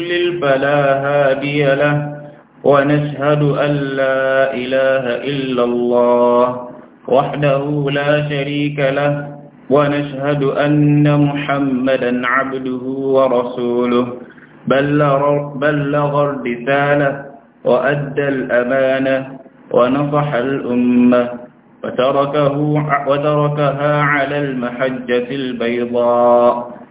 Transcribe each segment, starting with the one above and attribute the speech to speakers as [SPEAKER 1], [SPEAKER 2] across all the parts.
[SPEAKER 1] يضلل فلا هادي له ونشهد أن لا إله إلا الله وحده لا شريك له ونشهد أن محمدا عبده ورسوله بلغ, بلغ الرسالة وأدى الأمانة ونصح الأمة وتركه وتركها على المحجة البيضاء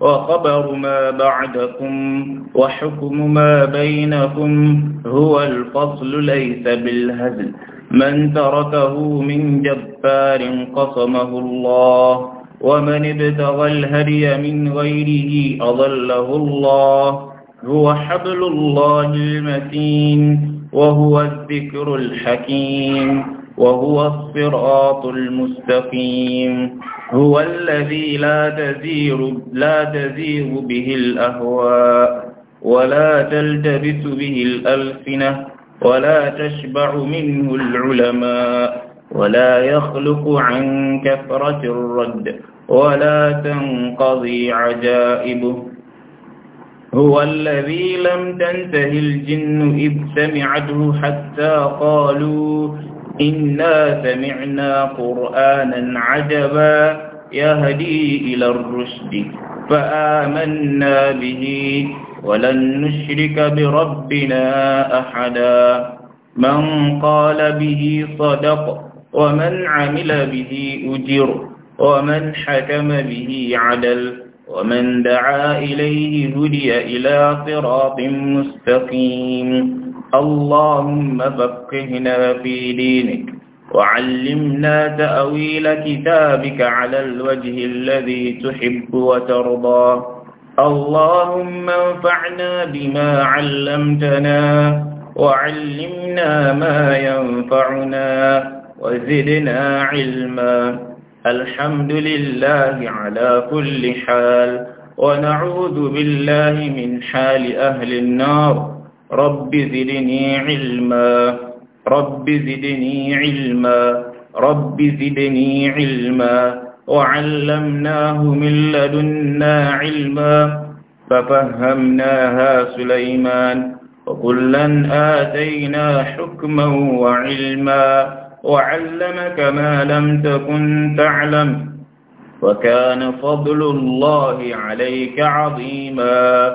[SPEAKER 1] وخبر ما بعدكم وحكم ما بينكم هو الفصل ليس بالهزل من تركه من جبار قصمه الله ومن ابتغى الهدي من غيره أضله الله هو حبل الله المتين وهو الذكر الحكيم وهو الصراط المستقيم هو الذي لا تزير, لا تزير به الأهواء ولا تلتبس به الألسنة ولا تشبع منه العلماء ولا يخلق عن كثرة الرد ولا تنقضي عجائبه هو الذي لم تنته الجن إذ سمعته حتى قالوا إنا سمعنا قرآنا عجبا يهدي إلى الرشد فآمنا به ولن نشرك بربنا أحدا من قال به صدق ومن عمل به أجر ومن حكم به عدل ومن دعا إليه هدي إلى صراط مستقيم اللهم فقهنا في دينك وعلمنا تأويل كتابك على الوجه الذي تحب وترضى اللهم انفعنا بما علمتنا وعلمنا ما ينفعنا وزدنا علما الحمد لله على كل حال ونعوذ بالله من حال أهل النار رب زدني علما رب زدني علما رب زدني علما وعلمناه من لدنا علما ففهمناها سليمان وكلا آتينا حكما وعلما وعلمك ما لم تكن تعلم وكان فضل الله عليك عظيما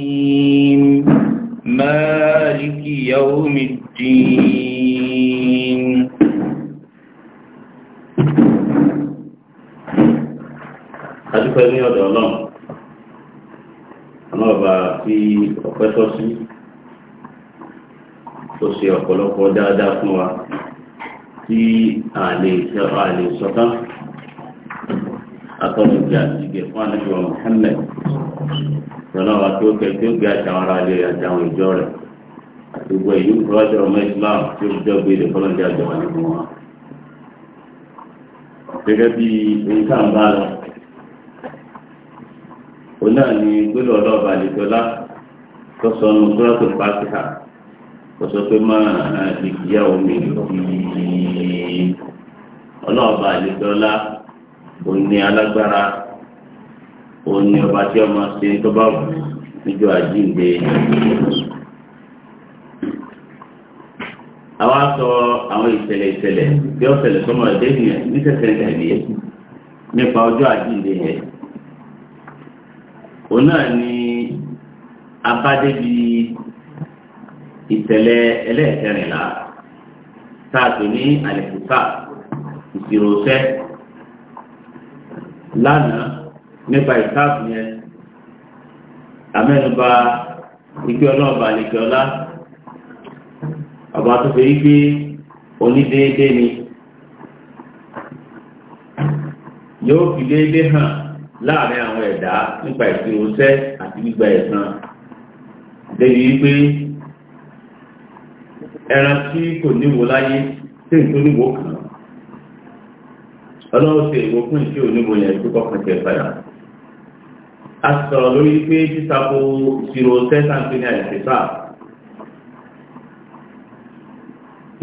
[SPEAKER 1] الرحيم مالك يوم الدين
[SPEAKER 2] adúpẹ́ ní ọ̀dọ̀ ọlọ́run ọmọ ọba fi ọpẹ́ tọ́ sí tó ṣe ọ̀pọ̀lọpọ̀ dáadáa fún wa tí a lè sọ tán atọ́nìjà ìgbẹ̀fún àlejò Muhammad ìrọ̀lọ́wà tí ó kẹ tí ó gbé àti àwọn ará ilé àti ìjọ rẹ̀ àti gbogbo ìlú kúrọ́jọ́ ọmọ Islam tí ó fi jọ gbé ilé kọ́lọ́dé àjọ wà nínú wọn. gẹ́gẹ́ bí ohun tá à ń bá lọ òun náà ni ọlọ́ọ̀bà òun ni ọba tí ọmọ ṣe tó bá wù níjọ àjíǹde. àwa sọ àwọn ìṣẹ̀lẹ̀ ìṣẹ̀lẹ̀ tí ó ṣẹlẹ̀ sọmọ ẹ̀dẹ́ ènìyàn níṣẹ̀ṣẹ̀ ìṣẹ̀lẹ̀ nípa ọjọ́ àjíǹde yẹn. òun náà ni abádébi ìṣẹ̀lẹ̀ ẹlẹ́ẹ̀kẹrìnlá tá a pè ní àlẹ́kùsà ìṣirò ṣẹ́ lánàá. nípa ìsáàfù yẹn amẹ́nuba ike ọlọ́ọ̀bà àlejò ọlá ọba tó fẹ́ ike onídéédé ni yóò fi déédé hàn láàrin àwọn ẹ̀dá nípa ìṣirò àti gbígba ẹ̀san débi wípé ẹran tí kò níwò láyé tí n tó níwò kàn fún ìṣe yẹn tó kọ́kàn tẹ̀ padà. a sọ̀rọ̀ lórí pé títakò zero seven pé ní àìsèfà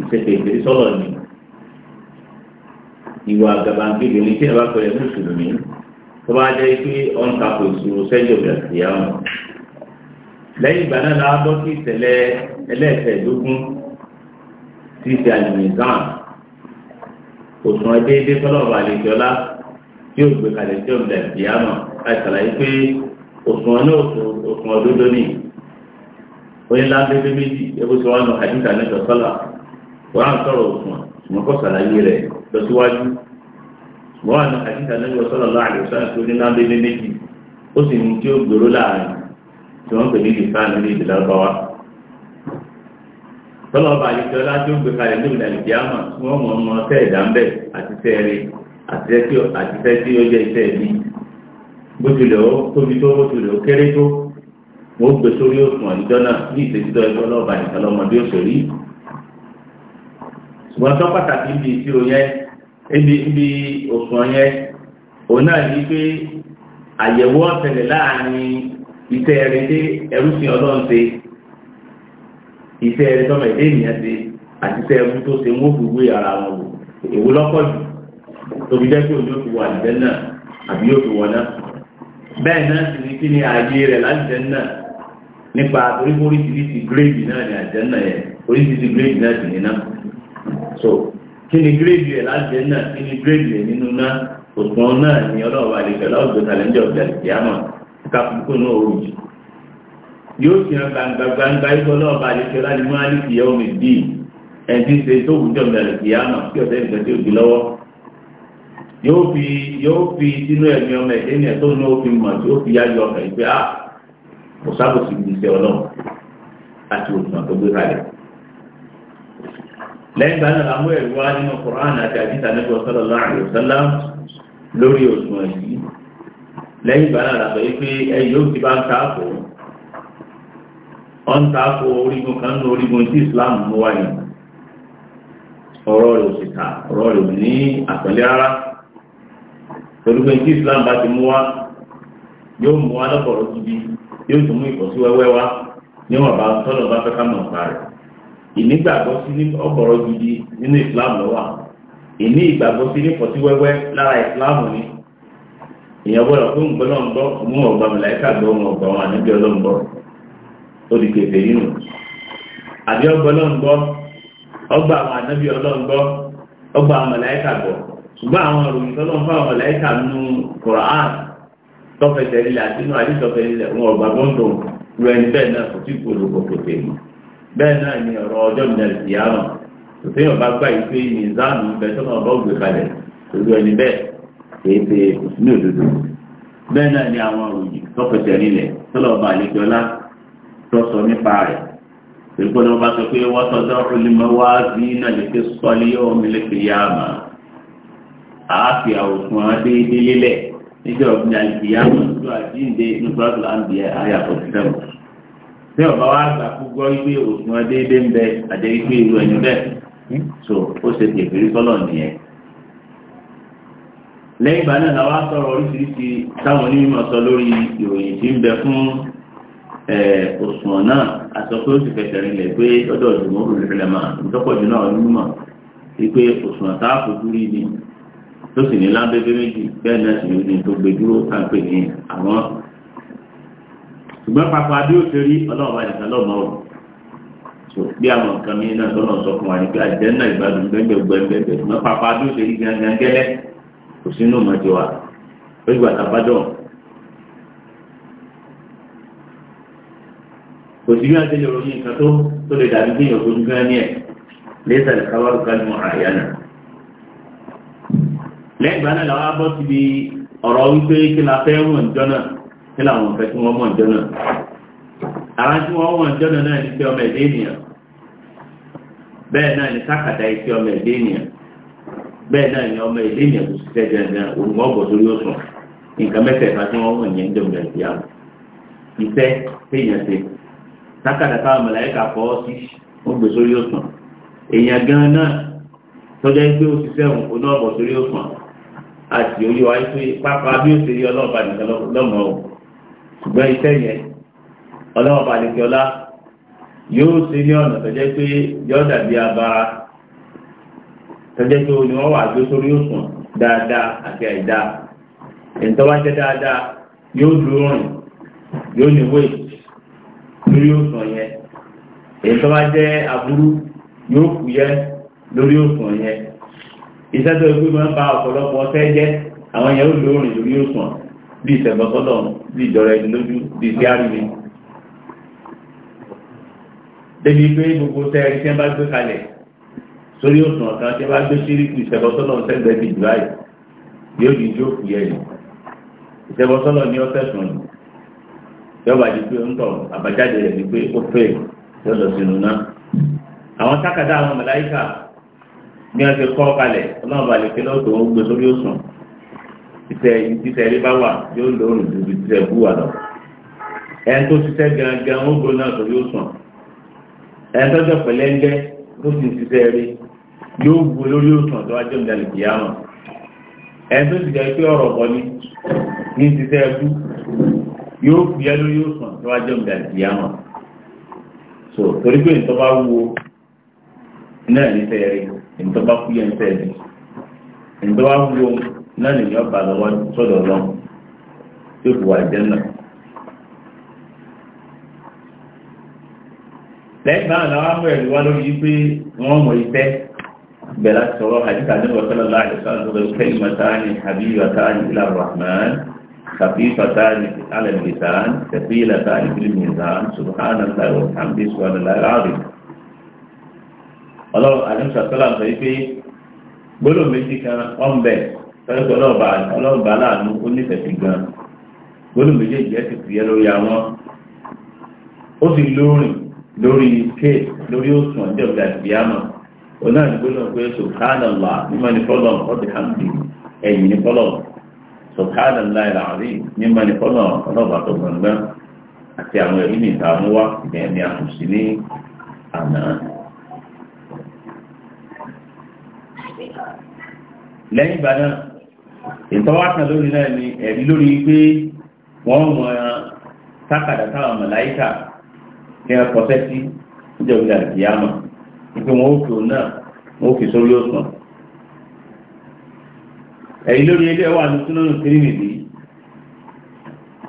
[SPEAKER 2] ìṣẹ̀fẹ̀ ìṣẹ̀lẹ̀ sọ̀rọ̀ ni ìwà gàbàǹkìlì ní tí ìwà pẹ̀lẹ́ mùsùlùmí tó bá jẹ́ pé ọ̀n takò zero sẹ́jọ̀ bẹ̀rẹ̀ sí yàrá lẹ́yìn ìgbà náà la bọ́ sí ìṣẹ̀lẹ̀ ẹlẹ́ẹ̀kẹ́ẹ̀dógún tí ìṣẹ̀ àlùmíìsàn òṣùwọ̀n déédéé fọlọ́ọ̀bà àìsàlàyé pé òsùn ọ̀nà òsùn òdodo ni oye ńlá bébé méjì ebuso wọn lọ àdìsá ní ìjọsọlá wọn á sọ̀rọ̀ òsùn ṣùgbọ́n kọ sàlàyé rẹ̀ lọ síwájú wọn á lọ lọ tó ní méjì ó sì ní tí ó gbòòrò láàrin tí wọn pè ní nílé ọba bó tilẹ̀ ó tóbi tó bó tilẹ̀ ó kéré tó wọ́n gbé sórí òsùn àdìjọ́ náà ní ìṣèjúdọ́ ẹgbẹ́ lọ́ọ̀bà nìkan lọ́mọdé òṣèlú ṣùgbọ́n tó pàtàkì ibi ìṣirò yẹn ibi ibi òsùn yẹn òun náà ní pé àyẹ̀wò ọ̀tẹ̀lẹ̀ láàrin iṣẹ́ ẹ̀rẹ́ dé ẹrú sí ọlọ́run ṣe iṣẹ́ ẹ̀rẹ́ tọ́mọ̀ èdè ènìyàn ṣe àti iṣẹ́ ẹrú tó ṣe wọ́n fìwé ara wọn wò èwo lọ́pọ̀ jù tóbi jẹ́ pé òun yóò fi wọ àdìjẹ́ náà àbí yóò fi wọ náà bẹ́ẹ̀ náà sì ní kí ni ààyè rẹ̀ lájẹ́nà nípa torípò oríṣiríṣi gírèdì náà ní àjẹ́nà yẹn oríṣiríṣi gírèdì náà sì ní náà so kí ni gírèdì rẹ̀ lájẹ́nà kí ni gírèdì rẹ̀ nínú náà òṣùwọ̀n náà ni ọlọ́ọ̀bà àdìgbẹ́ láwùjọ tàlẹ́ńjọ́ ìgbàlejò kakuko náà ó jù yóò fi hàn gbangba gbangba ikọ̀ náà bá lè fi ọlá ní mọ́ àlìkìyà omi bíi
[SPEAKER 1] ẹni tí ń ṣe tó wùjọ́ ìgbàlejò yàmà kí ọ̀sẹ̀ ìgbà tí ò
[SPEAKER 2] yóò fi yóò fi sínú ẹ̀mí ọmọ ẹ̀dẹ́ ní ẹ̀tọ́ ní òfin mọ̀ tí ó fi yáyọ ọkàn yìí pé a ah, kò sábòsí ní iṣẹ́ ọlọ́run àti òṣùwọ̀n tó gbé kalẹ̀. lẹ́yìn ìgbà náà lámú ẹ̀rí wá nínú Qur'an àti àdìsá nípa sallallahu alaihi wasallam
[SPEAKER 1] lórí òṣùwọ̀n
[SPEAKER 2] yìí lẹ́yìn ìgbà náà làtọ̀ yìí pé ẹ yóò ti bá ń ta àpò ọ̀ ń ta àpò orígun kan ní orígun tí Islam mú wáyé ọ̀rọ̀ rẹ̀ ò sì pẹ̀lú pé tí Islam bá ti mú wá yóò mú wá lọ́pọ̀lọ́ síbi yóò tún mú ìkọ̀síwẹ́wẹ́ wá níwọ̀n bá tọ́lọ̀ bá fẹ́ ká mọ̀ nípa rẹ̀
[SPEAKER 1] ìnígbàgbọ́ sí ní ọ̀pọ̀rọ̀ gidi nínú Islam lọ́wọ́
[SPEAKER 2] ìní ìgbàgbọ́ sí ní ni èèyàn gbọ́dọ̀ fún ìgbọ́dọ̀ ń gbọ́ mú ọ̀gbà gbọ́ ọ̀gbà ṣùgbọ́n àwọn ìròyìn tó lọ́n fáwọn ọ̀láìkà nínú Qur'an tọ́fẹsẹ̀ lílẹ̀ àti inú àdé tọ́fẹsẹ̀ lílẹ̀ wọn ọ̀gbà gbọ́ndọ̀ lu ẹni bẹ́ẹ̀ náà kò tí kò lóko tètè mọ́ bẹ́ẹ̀ náà ni ọ̀rọ̀ ọjọ́ ìdẹ̀lẹ̀ sí àrùn tòtí yóò bá gbà yìí pé ní záàmù ibẹ̀ tó náà bọ́ gbé kalẹ̀ pẹ̀lú ẹni bẹ́ẹ̀ kìí ṣe ní òdodo bẹ́ẹ̀ náà ni àwọn òyìn tọ́fẹsẹ̀ lílẹ̀ tọ́lọ́ba àlejòlá tọ́sọ nípa rẹ̀ pẹ̀lú pé wọ́n bá sọ pé wọ́n tọ́jọ́ olùmọ̀wá sí náà lè fi sọ́lé ọmọ ilé kìí yá máa àáfi àwòsùn àwọn déédéé lélẹ̀ níjọ́ ọ̀gbìn àìsíyámọ̀ tó àjíǹde nùsọ́ọ̀tù láǹdì àyà fọ̀tìtẹ́mù. bí ọba wa gbà gbogbo ibi òsùn àwọn ń bẹ àjẹ́ ipe ìlú ẹni bẹ́ẹ̀ so ó ṣe sọ́lọ̀ nìyẹn. lẹ́yìn ìgbà náà sọ̀rọ̀ oríṣiríṣi sọ lórí ìròyìn tí ń bẹ fún òsùn náà àti oṣù rinlẹ̀ pé ọ̀dùnmọ́ tó sì ní lábẹ́bẹ́ méjì bẹ́ẹ̀ náà sì ní ní tó gbé dúró káńpé ní àwọn. ṣùgbọ́n papọ̀ adé òṣèré ọlọ́run wa nìkan lọ́mọ o tó bí àwọn nǹkan mi náà tọ́nà sọ fún wa ní pé àjẹ́ náà ìgbádùn gbẹ́gbẹ́gbẹ́gbẹ́ ṣùgbọ́n papọ̀ adé òṣèré gangan gẹ́lẹ́ kò sínú mọ́tò wa ó gbà tábàdàn kò sí bí a ti lè ròyìn nǹkan tó tó lè dàbí kéèyàn fojú gán ní ẹ̀ lẹ́sà ìkáwárù kálímù lẹ́gbàá náà làwọn abọ́ ti di ọ̀rọ̀ wípé kí la fẹ́ wọ̀n jọ́nà kí làwọn fẹ́ kí wọ́n wọ̀n jọ́nà àwọn tí wọ́n wọ̀n jọ́nà náà ní pé ọmọ ẹ̀dẹ́ ènìyàn bẹ́ẹ̀ náà ní sákàtà ìfẹ́ ọmọ ẹ̀dẹ́ ènìyàn bẹ́ẹ̀ náà ní ọmọ ẹ̀dẹ́ ènìyàn tó ṣiṣẹ́ dandan òun ọgbọ̀ tó yóò sùn nǹkan mẹ́tẹ̀ẹ̀ta tí wọ́n wọ̀n yẹn dọ̀mọ̀ ẹ̀dẹ́ àwọn ìfẹ́ téèyàn ṣe sákàtà náà tọ́jà sórí òsùn
[SPEAKER 1] àti òye wa pé pápá bí ó ṣe rí ọlọ́ọ̀bá
[SPEAKER 2] nìkan lọ́mọ o ṣùgbọ́n iṣẹ́ yẹn ọlọ́ọ̀bá nìkan ọlá yóò ṣe ní ọ̀nà tọ́jẹ́ pé dàbí abara
[SPEAKER 1] tọ́jẹ́ pé oní wọ́n wà gbé sórí òsùn dáadáa àti je
[SPEAKER 2] ẹ̀ńtọ́ dáadáa yóò dúró rìn yóò ní wéè lórí òsùn yẹn iṣẹ́ tó gbé máa ń ba ọ̀pọ̀lọpọ̀ ọtẹ́ jẹ́ àwọn yẹn ó lò ó rìn lórí òsùn bí ìṣẹ̀gbọ́sọ́dọ̀ bí ìjọra ẹni lójú bí ìṣẹ́ àríwí. débi pé gbogbo tẹ́ẹ̀rí tí wọ́n bá gbé kalẹ̀ sórí òsùn ọ̀kan tí wọ́n bá gbé síríkù ìṣẹ̀gbọ́sọ́dọ̀ sẹ́gbẹ̀ẹ́ ti jù láì yóò di tí ó di pé ń tọ̀ àbájáde rẹ̀ ni pé ó fẹ́ẹ̀ yọ lọ sínú náà àwọn bí wọ́n ti kọ́ kalẹ̀ ọlọ́ọ̀bà lè fi lọ́tọ̀ ó gbé sórí òsùn títẹ̀ títẹ̀ rí bá wà yóò lóorùn ju ibi títẹ̀ bú wà lọ. ẹni tó ṣiṣẹ́ gangan ó gbóná sórí òsùn ẹni tó jọ pẹ̀lẹ́ńgẹ́ tó ti ṣiṣẹ́ rí yóò gbó lórí òsùn tó wá jẹ́ ìdálẹ̀ kìyà wọn. ẹni tó ti jẹ́ pé ọ̀rọ̀ bọ́ ni ní ṣiṣẹ́ bú yóò fìyà lórí òsùn tó wá jẹ́ ìdálẹ̀ kìyà wọn. so torí pé ìtọ́ bá wúwo náà ní fẹ́ẹ́ rí ìtọ́ba kú yẹn fẹ́ bi ìtọ́ba kú yẹn náà lè yọ bàlọ́ wá sọ́dọ̀ lọ tó fi wà jẹ́ náà. lẹ́yìn náà làwọn amú ẹ̀rí wá lórí pé wọ́n mọ̀ ìfẹ́ bẹ̀rẹ̀ sọ̀rọ̀ àdìsá ní wàsálà láàyè sọ̀rọ̀ lórí kẹ́yìn mọ̀tàánì habibataani ilà rahman kàfífàtaani alẹ́ nìkan kẹfílàtaani fílímù nìkan subhanallah wa hamdi subhanallah alazim ọlọ́run àdúgbòsàtọ́lá sọ wípé gbólò méjì kan wọ́n bẹ̀ tọ́lọ́pọ̀ ọlọ́run bá láàánú ó nífẹ̀ẹ́ sí gan gbólò méjèèjì ẹ̀ sì fìyẹ́ lórí àwọn ó sì lórin lórí ké lórí òsùn ọjọ́ ìgbà ìgbìyàmọ̀ òun náà ní gbólò pé sùkánàlá mímọ́ ní fọ́lọ̀ ọ̀dẹ̀ hàmdì ẹ̀yìn ní fọ́lọ̀ sùkánàlá ìlàrí mímọ́ ní fọ́lọ̀ ọlọ́bàá tó gbọ̀ngbọ́n àti àwọn ẹ̀rí nìta mú wá ìgbẹ̀mí àkùsí ní àná lẹ́yìn ìgbà náà ìtọ́wàtà lórí náà ni ẹ̀rí lórí pé wọ́n táwọn ní sí ìpé wọn ó wọn ó fi sórí òsàn ẹ̀rí lórí ní súnmọ́nù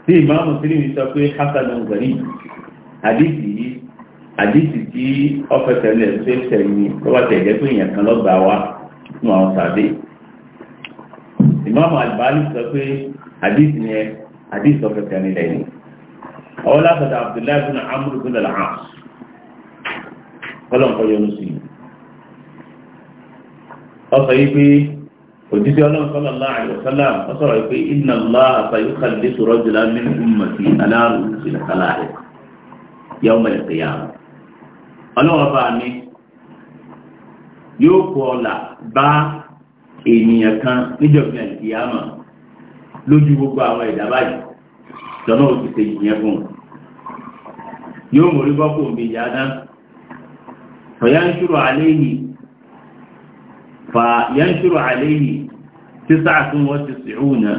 [SPEAKER 2] tí ìmáàmù tìrìmìdì sọ pé hasan ọ̀gbẹ̀rì àdìsí àdìsí tí ọ̀fẹ́sẹ̀ lẹ̀ ṣe ń tẹ̀lé pé èèyàn wa àwọn ìmáàmù àlùbáàlì sọ pé hadith yẹn hadith sọ fẹsẹ̀ nílẹ̀ yìí ọwọ́ látọ̀dọ̀ abdullahi bin amr bin al-aas kọ́lọ̀ nǹkan yọnu sí i ọ sọ yìí pé òjíṣẹ́ ọlọ́run sọ́lá láàrin ọ̀sálà ọ sọ̀rọ̀ yìí pé inna Allah àfàyíkà lè sọ̀rọ̀ jùlọ ní ummati aláàrùn ìṣẹ̀lẹ̀ kálárẹ̀ yawm al-qiyamah ọlọ́run yóò kọ́ ọ̀la bá ènìyàn kan níjọba ìyáàmà lójú gbogbo àwọn ẹ̀dá báyìí lọ́nà ó ti ṣe ìyẹn fún un yóò mórí bọ́kù òbí yáadá fàyà ń ṣúrò àléyìí fàyà ń ṣúrò àléyìí tí sáàtún wọ́n ti sìhúnà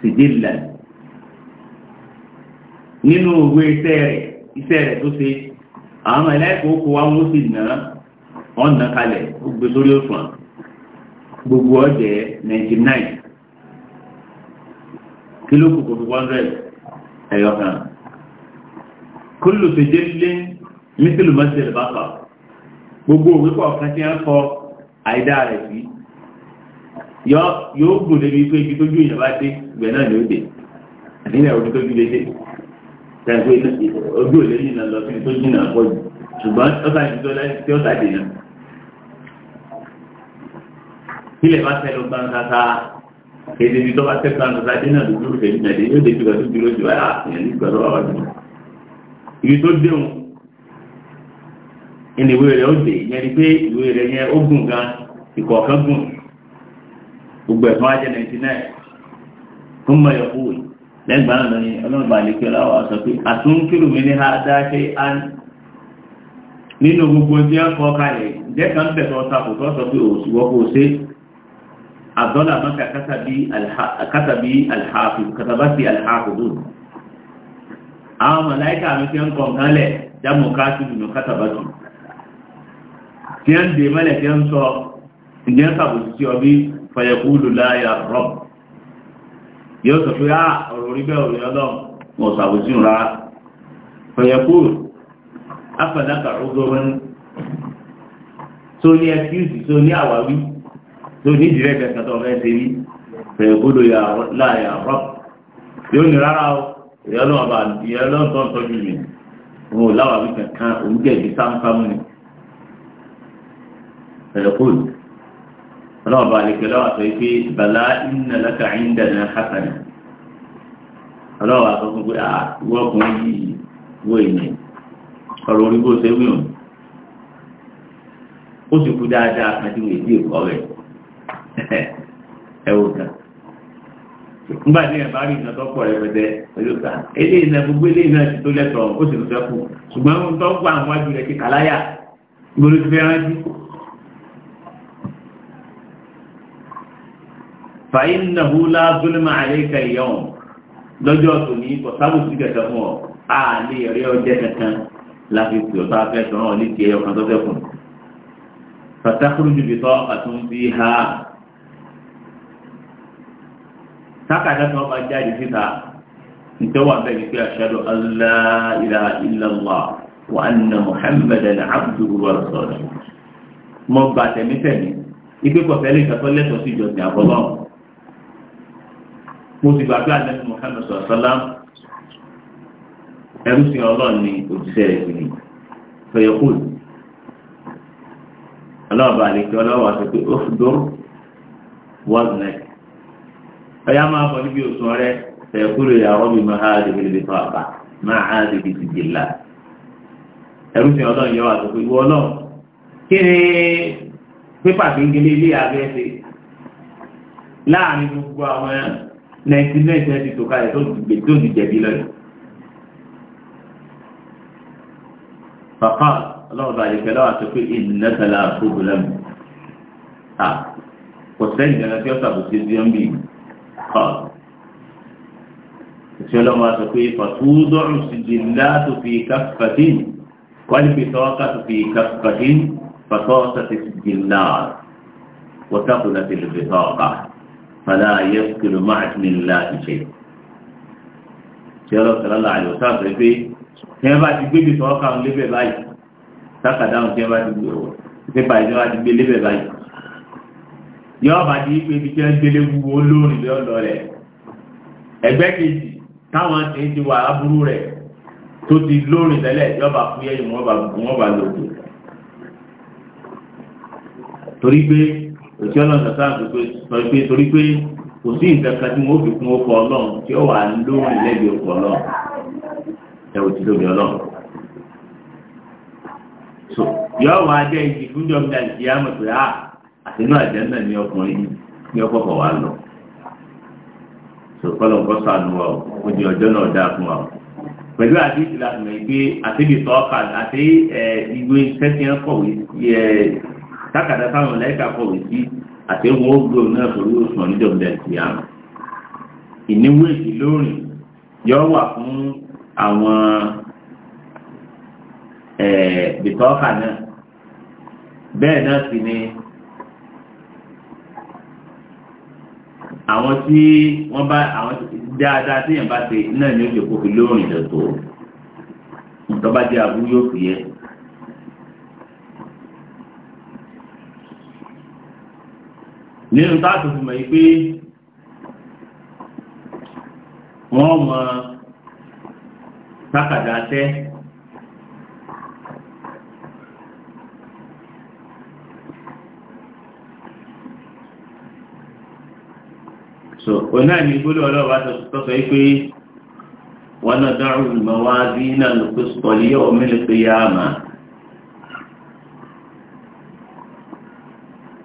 [SPEAKER 2] sì dìlà nínú òwe iṣẹ́ rẹ̀ iṣẹ́ rẹ̀ tó ṣe àwọn ẹlẹ́kọ̀ọ́ kó wá wọ́n sì nà ọ́nà kalẹ̀ ó gbé sórí òṣùwọ̀n gbogbo ọ̀jẹ̀ ninety nine kìló kòkò fi one hundred ẹ̀yọ̀ kan kúlù fèjé lé mísìlù mọ́sílẹ̀ bá pa gbogbo òwe kọ̀ọ̀kan tí wọ́n kọ àìdá rẹ̀ sí yóò gùn débi pé ibi tójú èèyàn bá dé ìgbẹ́ náà ni ó dé nílẹ̀ ojú tójú lé dé tẹ̀síwé ojú òlé yìí náà lọ sí ibi tó jìnnà pọ̀ jù ṣùgbọ́n ọ̀sán ìdíjọ́ láti tí ọ̀sán dènà ilẹ̀ bá tẹ̀lé gbàǹdàta èdè ibi tó bá tẹ̀lé gbàǹdàta dé náà dúdú rẹ̀ ní ẹ̀dẹ̀ yóò dé jùlọ tó dúró jù àyà ìyẹn ní gbàdọ̀ wà wájú. ibi tó déhùn
[SPEAKER 1] ẹni ìwé rẹ̀ ó dé yẹn ni pé ìwé rẹ̀ yẹn ó gùn gan
[SPEAKER 2] ìkọ̀ọ̀kan gùn gbogbo ẹ̀fọn ajẹ́ nàìjí náà fún mọ̀ yọkú lẹ́gbàá náà ni ọlọ́run bá lè kí ọlá wa sọ pé àtúnkìlù mi ní ha dáṣe án
[SPEAKER 1] nínú gbogbo tí wọ́n kalẹ̀ jẹ́ kan bẹ̀ tó tó sọ pé òṣùwọ́ ṣe
[SPEAKER 2] àdọ́là mọ́ta kátàbí alhàfù kátàbátì alhàfù dùn àwọn mọ̀láíkà mi fi ń kọ̀ kánlẹ̀ jámù káàkì nínú kátàbátì tí ó ń dè mẹ́lẹ̀ tí ó ń sọ ìjẹ́ sàbòsí sí ọbí fayakúlù láyà rọ́b yóò sọ pé á ọ̀rọ̀ orí bẹ́ẹ̀ òrìn ọlọ́run wọn sàbòsí rárá fayakúlù afẹ́lákà ọgọ́rùn-ún tó ní ẹkíùsì tó ní ìdílé kẹta tó fẹ́ ṣe rí fẹ̀gbọ́dọ̀ yà láàyà rọ́ yóò ní rárá o ìyá ọlọ́wọ́ bá ìyá ọlọ́wọ́ tó ń tọ́jú mi òun ò láwà wí kankan òun jẹ̀bi sámúsámú ni fẹ̀gbọ́dọ̀ ọlọ́wọ́ bá lè kẹlẹ́ sọ pé bàlá ìnà lẹ́kà ìndà ní hasana ọlọ́wọ́ àtọ́ fún pé à wọ́n yìí wọ ènìyàn ọ̀rọ̀ orí bó ṣe wí hàn ó sì kú dáadáa àti wèé ẹ̀kọ́ rẹ̀. ẹwọ kan nígbà tí ẹ̀bá rí ìnà tọ́pọ̀ rẹpẹtẹ olóòkà eléyìí náà gbogbo eléyìí náà ti tó lẹ́tọ̀ ó sì tún sẹ́kù ṣùgbọ́n ohun tó ń pa àwọn ajú rẹ̀ ti kàláyà gbọ́dọ̀ ti fẹ́ rántí. fàyín náà hú láàbùlùmọ̀ àlékà ìyọ̀n lọ́jọ́ tòní kò sábùsí kẹ̀kẹ́ fún ọ a lè rí ọjẹ́ kankan láti pè ọ́ fẹ́ sọ̀rọ̀ létí ẹyọ kan tó fẹ́ fún un. fàtàkùrù tákàdá tí wọ́n bá jáde síta ìtọ́wà bẹ́ẹ̀ ni pé ashhadu an la ilaha illallah wa anna muhammadan abduhu wa rasuluhu mọ́ gba tẹ̀mítẹ̀mí ipe pọ̀fẹ́lẹ́ ìtàkọ́ lẹ́tọ̀ọ́ sí ìjọsìn àbọ̀lọ́ mo ti gbàgbé àdéhùn muhammed sọ̀sọ́lá ẹrú sí ọlọ́run ní òjíṣẹ́ rẹ̀ ní fẹ̀yẹ̀kùn ọlọ́ọ̀bà àlejò ọlọ́wà sọ pé ó fi dúró wọ́ọ̀dù náà ọ̀yá máa bọ̀ níbi òsùn rẹ̀ ṣẹ̀kúrò ìyàwó mi máa ha dìbò níbi fún àbá máa ha dìbò sí jìlá ẹ̀rú sí ọlọ́run yọ àtòkò ìwọ ọlọ́run kí ni pépà kéńgélé ilé abẹ́ ṣe láàrin gbogbo àwọn nineteen ninety nine tó kalẹ̀ tó ti tó ti jẹ̀bi lọ́yìn. Bàbá ọlọ́run bá yẹ pẹ̀lú àti pé ìnìyàn kẹlẹ́ àkókò lẹ́nu. Kò sẹ́yìn dandan tí ó ṣàbòsí sí hàn ìṣẹ́lọ́mọ sọ pé fàtúndọ̀rùn sí jìnnà tó fi káfàtín wálìbí sọ́ọ́ká tó fi káfàtín fàtọ́ọ̀tà ti fi jìnnà wọ́tàkùnà ti lè fi sọ́ọ́ká fàlà yẹ́kùnrin máa ní láti ṣe. ìṣẹ́lọ́ sọ̀rọ̀lá àyọ̀tà sọ pé tí wọ́n bá ti yọọ bá di ikpe ibi tí ẹ gbélé wúwo lónìí lé ọ̀dọ̀ kejì táwọn ti ti wà aburú tó ti lónìí tẹ́lẹ̀ yọ bá fúyẹ́ yìí bá bá lòdì
[SPEAKER 1] torí pé òṣìṣẹ́ ọlọ́run sọ́sá pé torí pé kò sí nǹkan kan tí wọ́n fi kún ọkọ̀ ọlọ́run tí ó wà lónìí lẹ́bi ọkọ̀ ọlọ́run
[SPEAKER 2] ẹ ò ti lóbi ọlọ́run inú àjẹ́ náà ni ọkùnrin ní ọkọ̀ọ̀kọ̀ wa lọ. sọ̀kọ́lọ̀ nǹkan sànù wa ó di ọjọ́ náà dáa fún wa. pẹ̀lú àti ìtura mọ̀ pé àtẹ́bí tọ́ka àti ìwé sẹ́kìn kọ̀wé tákàdá táwọn lẹ́ka kọ̀wé sí àti wọn ó gbòòrò náà sórí òṣùwọ̀n níjọba ìyá ìníwó èdè lórí yọ wà fún àwọn bìtọ́ka náà bẹ́ẹ̀ náà sì ni àwọn tí wọ́n bá àwọn dáadáa tí yẹn bá ṣe náà ni ó ṣe kófí lóòrìn lọ́tọ̀ tọ́ba jẹ́ àbú yóò fi yẹ. nínú táàtù fi mọ̀ yìí pé wọ́n mọ sákàdá tẹ́. so oní àmì ìgbóló ọlọ́wà tó sọ pé wọn náà na ìgbà wá sí náà ló sọ̀lì pé yá àmà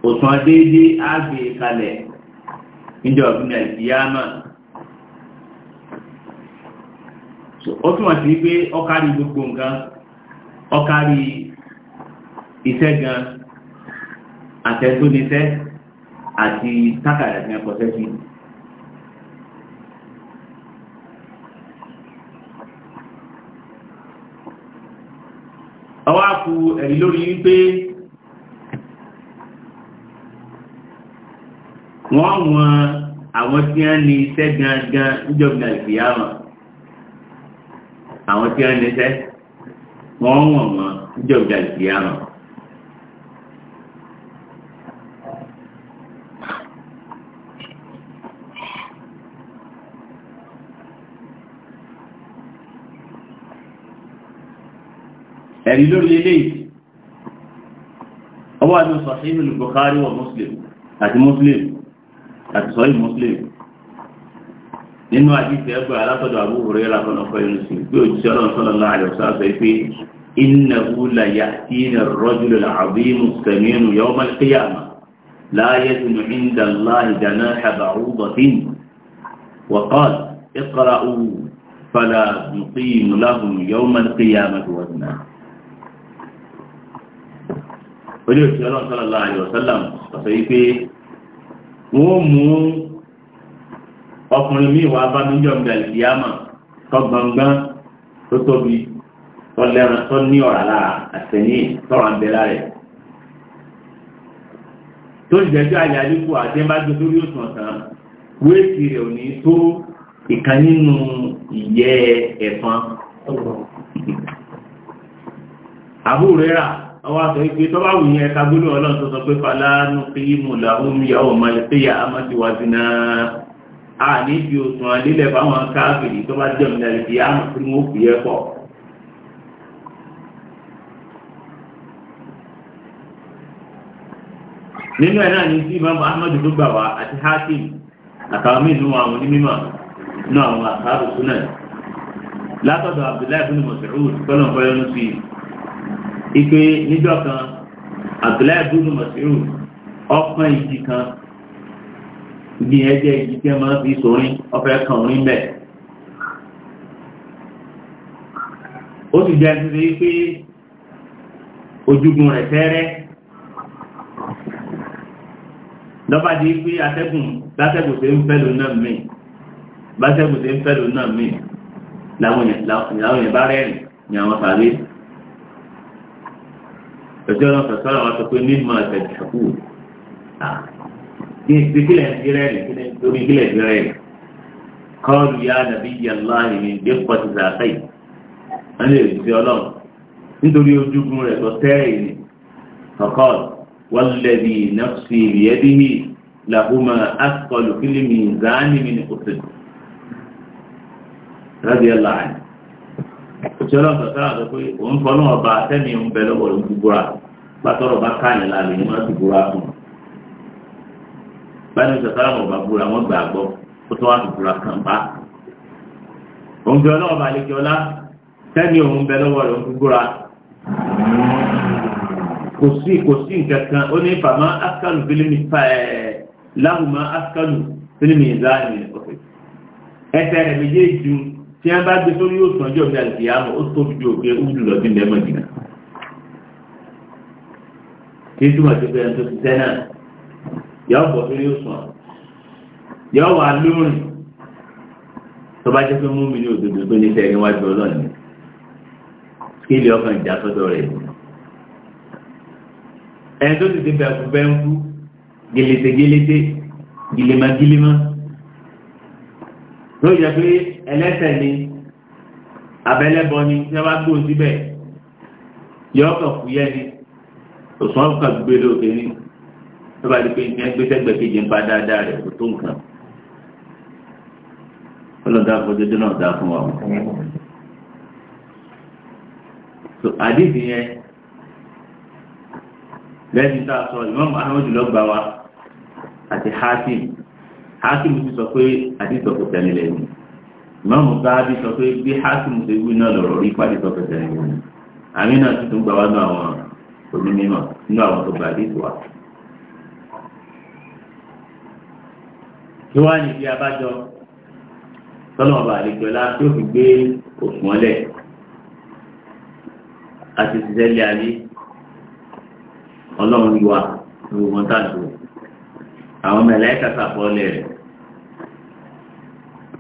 [SPEAKER 2] òtún adéédé àmà e ó sí pé ọkárí gbogbo nǹkan ọkárí iṣẹ́ gan àti tákàdá sẹ́sìn. àwọn àkù ẹ̀rí lórí wípé wọ́n wọn àwọn tí a ní iṣẹ́ gangan níjọba ìfìyàmọ̀ àwọn tí a ní iṣẹ́ wọ́n wọ̀n wọn níjọba ìfìyàmọ̀ يعني لور ليليت أول صحيح البخاري ومسلم هذا مسلم
[SPEAKER 1] هذا صحيح مسلم
[SPEAKER 2] لأنه حديث يقول على فضو أبو هريرة ونقفل المسلم يقول صلى الله عليه وسلم يقول إنه لا يأتين الرجل العظيم السمين يوم القيامة لا يزن عند الله جناح بعوضة وقال اقرأوا فلا نقيم لهم يوم القيامة وزنها orí òtí ọlọ́run sallallahu alaihi wasallam ọ̀sẹ̀ yìí pé wọ́n mú ọkùnrin míì wá bá mi jọ̀ nígbà ìyáàmà tó gbọ̀ngbọ́n tó tóbi tó lẹ́ran tó ní ọ̀rá lára àtẹ̀yìn tọ́ra ń bẹ lára tó ń jẹ́jọ́ àyà àdínkù àti ẹ̀ bá gbé lórí òsùn ọ̀sán wéèkì rẹ̀ ò ní tó ìkan nínú ìyẹ́ ẹ̀fọn. àbúrò rẹ̀ rà àwọn àtọ̀ ìpè tó bá wù yẹn ẹ̀ka gbólóhùn ọlọ́run tó sọ pé fàlà nuqimu lahum yawmal qiyamati wazna a ní fi òsùn àlélẹ̀ fáwọn káàkiri tó bá jẹ́ òmìnira ìdí àmọ̀ tí wọ́n fi ẹ̀ pọ̀. nínú ẹ̀ náà ní sí Imam Ahmad tó gbà wá àti Hakim àtàwọn míì nínú àwọn onímọ̀ nínú àwọn àkàrò súnà látọ̀dọ̀ Abdullahi bin Mas'ud tọ́lọ̀ fọyọ́nù sí i ipe níjọ́ kan Abdullahi bulu masiru ọkàn igi kan bí ẹjẹ́ igi tí wọ́n fi sọrin ọfẹ́ kan orin bẹ́ẹ̀. ó sì jẹ́ títí pé ojúgun rẹ̀ tẹ́rẹ́ lọ́ba di pé atẹ́gùn látẹ́gùn tó ń fẹ́lò náà mí bátẹ́gùn tó ń fẹ́lò náà mí làwọn yẹn bá rẹ́rìn ní àwọn tàbí ẹjọ́ náà kàn sára wọn sọ pé mímọ kílẹ̀ ní ìpínlẹ̀ ìdírẹ́lì lórí ìpínlẹ̀ ìdírẹ́lì
[SPEAKER 1] kọ́ọ̀lù yá nàbí
[SPEAKER 2] yàrá ìní dẹ́pọ̀ ti sàkà yìí wọ́n lè fi ọlọ́run nítorí ojúgun rẹ̀ lọ tẹ́rẹ̀ ní kọ́kọ́ọ̀lù wọ́n lẹ́bi nọ́ọ̀sì ìrìẹ́dìhì làhùmà àkọlù kílímì zánìmì ní kòtò rẹ́díẹ̀lá àná. òṣèlú ọ̀sán sára pé òun fọ́ ọba àtẹ́mi ń bẹ lọ́wọ́ ló ń fi búra bá ni wọ́n ti fún un báyìí gbà gbọ́ tó fi búra kàn bá. òun fi ọlọ́wọ́ bá lẹ́kẹ́ ọlá sẹ́ni òun bẹ lọ́wọ́ ló ń kò sí kò sí nǹkan kan ó ní fàmà áskàlù fílímì tí wọ́n bá gbé sórí yóò sàn jọ bí àlùkí àmọ́ ó tóbi ju òkè ó jùlọ bí lẹ́mọ̀ jìnnà kí túmọ̀ sí pé ẹni tó ti sẹ́ náà yọ bọ̀ sórí yóò sàn yọ wà lóòrìn tó bá jẹ́ pé mú mi ní òdodo tó ní sẹ́yìn wájú ọlọ́ọ̀ni kí ilé ọkàn ìjà sọ́dọ̀ rẹ̀ ẹni tó ti ti bẹ̀rù bẹ́ńkú gèlètè gèlètè gèlèmà gèlèmà ló jẹ́ pé ẹlẹ́sẹ̀ ni abẹ́lẹ́bọ ni tí wọ́n bá gbó síbẹ̀ yọ ọkọ̀ fúyẹ́ ni òsùn ọkọ̀ gbé lóde ni tó bá di pé ìpín ẹgbẹ́ sẹ́gbẹ̀ẹ́ kejì ń bá dáadáa rẹ̀ kó tó nǹkan ọlọ́dà fọdúdú náà dá fún wa o. so àdìsí yẹn lẹ́yìn tá a sọ ìmọ̀ àwọn jùlọ gbà wa àti hasim hakimu ti sọ pé àdìsọ̀ kò tẹ̀lé lẹ́yìn ìmáàmù gáàbí sọ pé bí hakimu ti wí náà lọ̀rọ̀ rí pàdésọ̀ kò tẹ̀lé lẹ́yìn àmì náà tuntun gbà wá nù àwọn onímọ̀ nínú àwọn tó gba àdìsọ̀ wa. kí wàá ní bí abájọ tọ́lọ̀ ọba àlejò ọlá tó fi gbé òṣùwọ̀n lẹ̀ àti ìṣiṣẹ́ lé ayé ọlọ́run yìí wà ní gbogbo táàdù àwọn mẹ̀lẹ́kà sàpọ̀lẹ̀ rẹ̀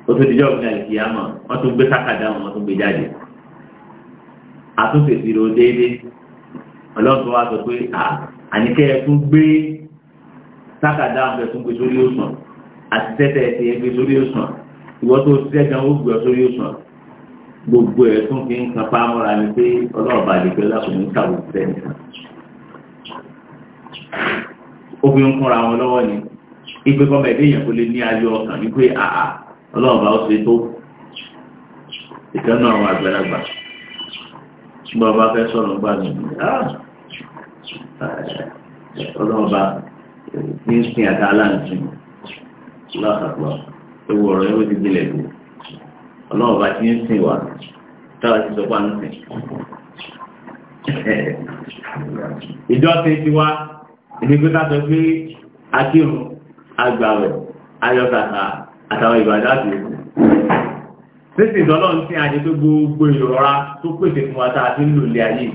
[SPEAKER 2] ó tó dijọ́ ìgbà ìkìyàmọ̀ wọ́n tún gbé sákàdá wọn wọ́n tún gbé jáde àtúnṣe ìṣirò déédéé ọlọ́run tó wá sọ pé àníkẹ́ ẹ tún gbé sákàdá wọn tún gbé sórí òsàn àti tẹ́tẹ́ ẹ̀sìn ẹ gbé sórí òsàn ìwọ́n tó ṣiṣẹ́ gan ó gbé ọ sórí òsàn gbogbo ẹ̀ tún fi ń kan pamọ́ra ni pé ọlọ́ọ̀bà àdìgbẹ́ lákòóní kàwé fẹ́ nìkan ó fi ń kúnra wọn lọ́wọ́ ni ìgbẹ́kọ̀mọ̀ ẹ̀dẹ́yìn kò lè ní ayọ̀ ọkàn wípé àà ọlọ́ọ̀bá ó ṣe tó ìkẹ́nu àwọn àgbàlagbà tí wọ́n bá fẹ́ sọ̀rọ̀ gbà mí ah! ọlọ́ọ̀bá ní sin àti aláǹtí lọ́sàpọ̀ ewu ọ̀rọ̀ yóò ti gbilẹ̀ bù ọlọ́ọ̀bá ti ń sìn wá táwa ti sọ pàánù sìn. ìjọ ti ti wá èmi ká sọ pé akírun agbàwẹ̀ ayọ̀tàkà àtàwọn ìbàdá àti ìlú sísì ìdọ́lọ́ ń tí a ní pé gbogbo ìrora tó pèsè fún wa táa fi ń lò lé ayé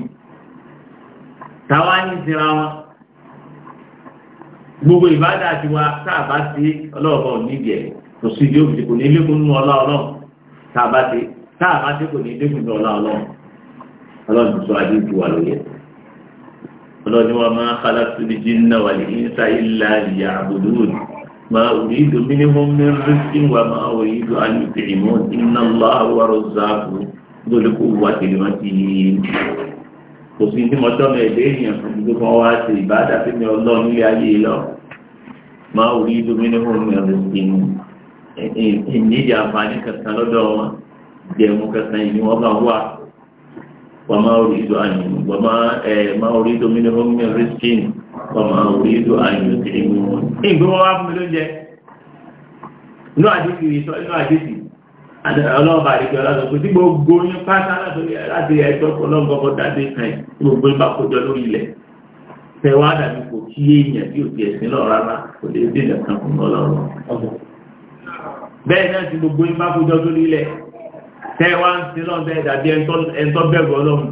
[SPEAKER 2] táwa ní ìsinra wọn gbogbo ìbàdá àti wa táà bá sí ọlọ́ọ̀bọ̀ nídìí ẹ̀ kò sí ìdí òfìsì kò ní lékún nínú ọlá ọlọ́run táà bá sí táà bá sí kò ní lékún nínú ọlá ọlọ́run ọlọ́run sọ adé ju wa lóye ọlọ́run ni wọ́n máa kálá síbi jí ń náwó àlè ń ما أريد منهم من رزق وما أريد أن يطعمون إن الله هو الرزاق ذو القوة المتين kò sí ní mọ́tọ́ mẹ́ẹ̀dẹ́ èèyàn tó kọ́ wá sí ìbáàdà fi ní ọlọ́run nílé ayé lọ máa ò rí domínú hàn ní ọdún sí ní ìnídìí àǹfààní kankan lọ́dọ̀ wọn jẹun kankan ìní wọn bá wà وما أريد أن وما ما أريد منهم من رزق وما أريد أن يطعمون إن بما أفهم لنجة inú àdìsí ìsọ inú àdìsí ọlọ́ọ̀bà àdìsí ọlọ́ọ̀bà tí gbogbo ní pátá láti ẹ̀tọ́ ọlọ́gbọ́gbọ́ dáadé kan gbogbo ìgbà kójọ lórí ilẹ̀ tẹwàá dàbí kò kí èèyàn tí ò ti ẹ̀sìn lọ rárá kò lè dènà kan fún ọlọ́run bẹ́ẹ̀ náà ti gbogbo tẹ́ wá ń sin lọ́n bẹ́ẹ̀ dàbí ẹ̀ńtọ́ bẹ̀rù ọlọ́run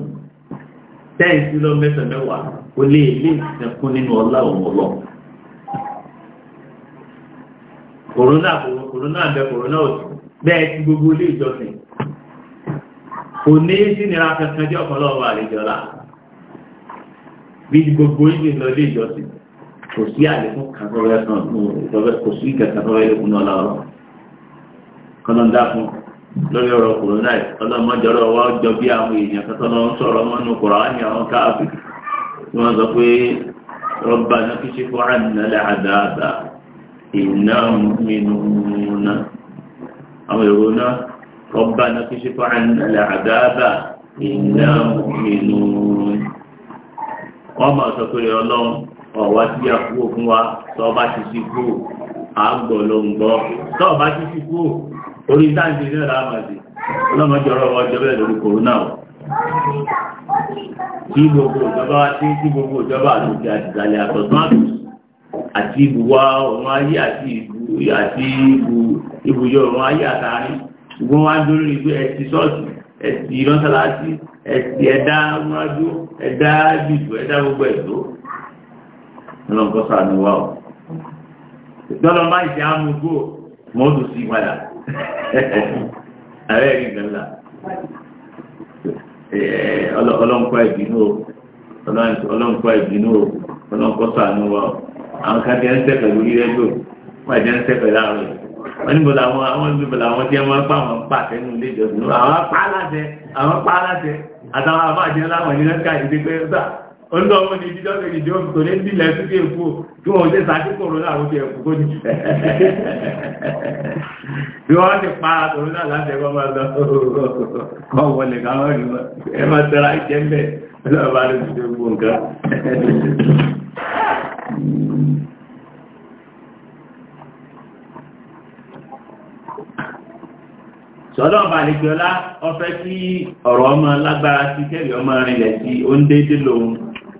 [SPEAKER 2] tẹ́ ń sin lọ́n mẹ́sàn-án mẹ́wàá kò lè lè sẹ́kún nínú ọlá òun ọlọ́ kòrónà kòrónà bẹ kòrónà òsì bẹ́ẹ̀ ti gbogbo ilé ìjọsìn kò ní sí nira kankan jẹ́ ọ̀kan lọ́wọ́ àlejò ọ̀la bí gbogbo ilé ìlọ ilé ìjọsìn kò sí àlékún kan tó rẹ̀ kan kò sí ìkẹ̀kẹ̀ tó rẹ̀ lókun náà lọ́wọ́ kọ́nà lórí ọ̀rọ̀ kòrónà yìí ọlọ́mọdéọ̀rọ̀ jọ bí àwọn èèyàn kẹtọ́ ń sọ̀rọ̀ wọn nù àwọn káàbì tí wọ́n sọ pé rọ́bà náà kí ṣífọ́ àdínálẹ̀ àdáàdá iná mìíràn àwọn èrò náà rọ́bà kí ṣífọ́ àdínálẹ̀ a orí táǹtì ní ọ̀rọ̀ àmàdì ọlọ́mọdé ọ̀rọ̀ ọjọ́ bẹ́ẹ̀ lórí kòrónà ọ̀ tí gbogbo ìjọba tí tí gbogbo ìjọba àlòkè àtìsàlẹ̀ àtọ̀tún àti ibùwá ọ̀run ayé àti ibùyọ ọ̀run ayé àtàrí gbogbo wọn dúró ní pé ẹtì sọ́ọ̀tì ẹtì ìránṣẹ́láṣí ẹtì ẹ̀dá múrájú ẹ̀dá jùjú ẹ̀dá gbogbo ẹ̀dọ́ ọlọ́nkọ́sà ni wà ó ìtọ́lọ́mọ́ ìṣẹ́ àmúgbò mọ́tò sí padà ààrẹ rí nǹkan là ọlọ́nkọ́ ìbínú o ọlọ́nkọ́ ìbínú o ọlọ́nkọ́ sànú wa o àwọn kan jẹ́ ń sẹ́fẹ̀ lórí rẹ́gbẹ̀ o wọ́n jẹ́ ń sẹ́fẹ̀ láàárọ̀ wọ́n níbo làwọn àwọn níbo làwọn jẹ́ wọ́n pa àwọn pa àtẹnu ilé ìjọsìn àwọn pa aláṣẹ àwọn pa aláṣẹ àtàwọn àbájẹ́ láwọn ìlú ẹ̀ka ìdí pé ọ̀dọ́ ọmọ ní ìdíjọ́ lè dìde òkú tó lé ní ilẹ̀ síkè èkó tí wọ́n lè sáájú kòrò láàrùn ti ẹ̀kú kóní bí wọ́n ti pa àtòrò náà láti ẹ̀kọ́ máa lọ kọ́ wọlé káwọn rí wọn ẹ máa tẹ́ra ìjẹ́ mbẹ́ lọ́wọ́ bá lè dìde òkú nǹkan. sọ́dọ̀ balẹ̀gbẹ́lá ọfẹ́ kí ọ̀rọ̀ ọmọ lágbára sí kẹ́rì ọmọ rìnlẹ̀ sí ó ń déédé lòun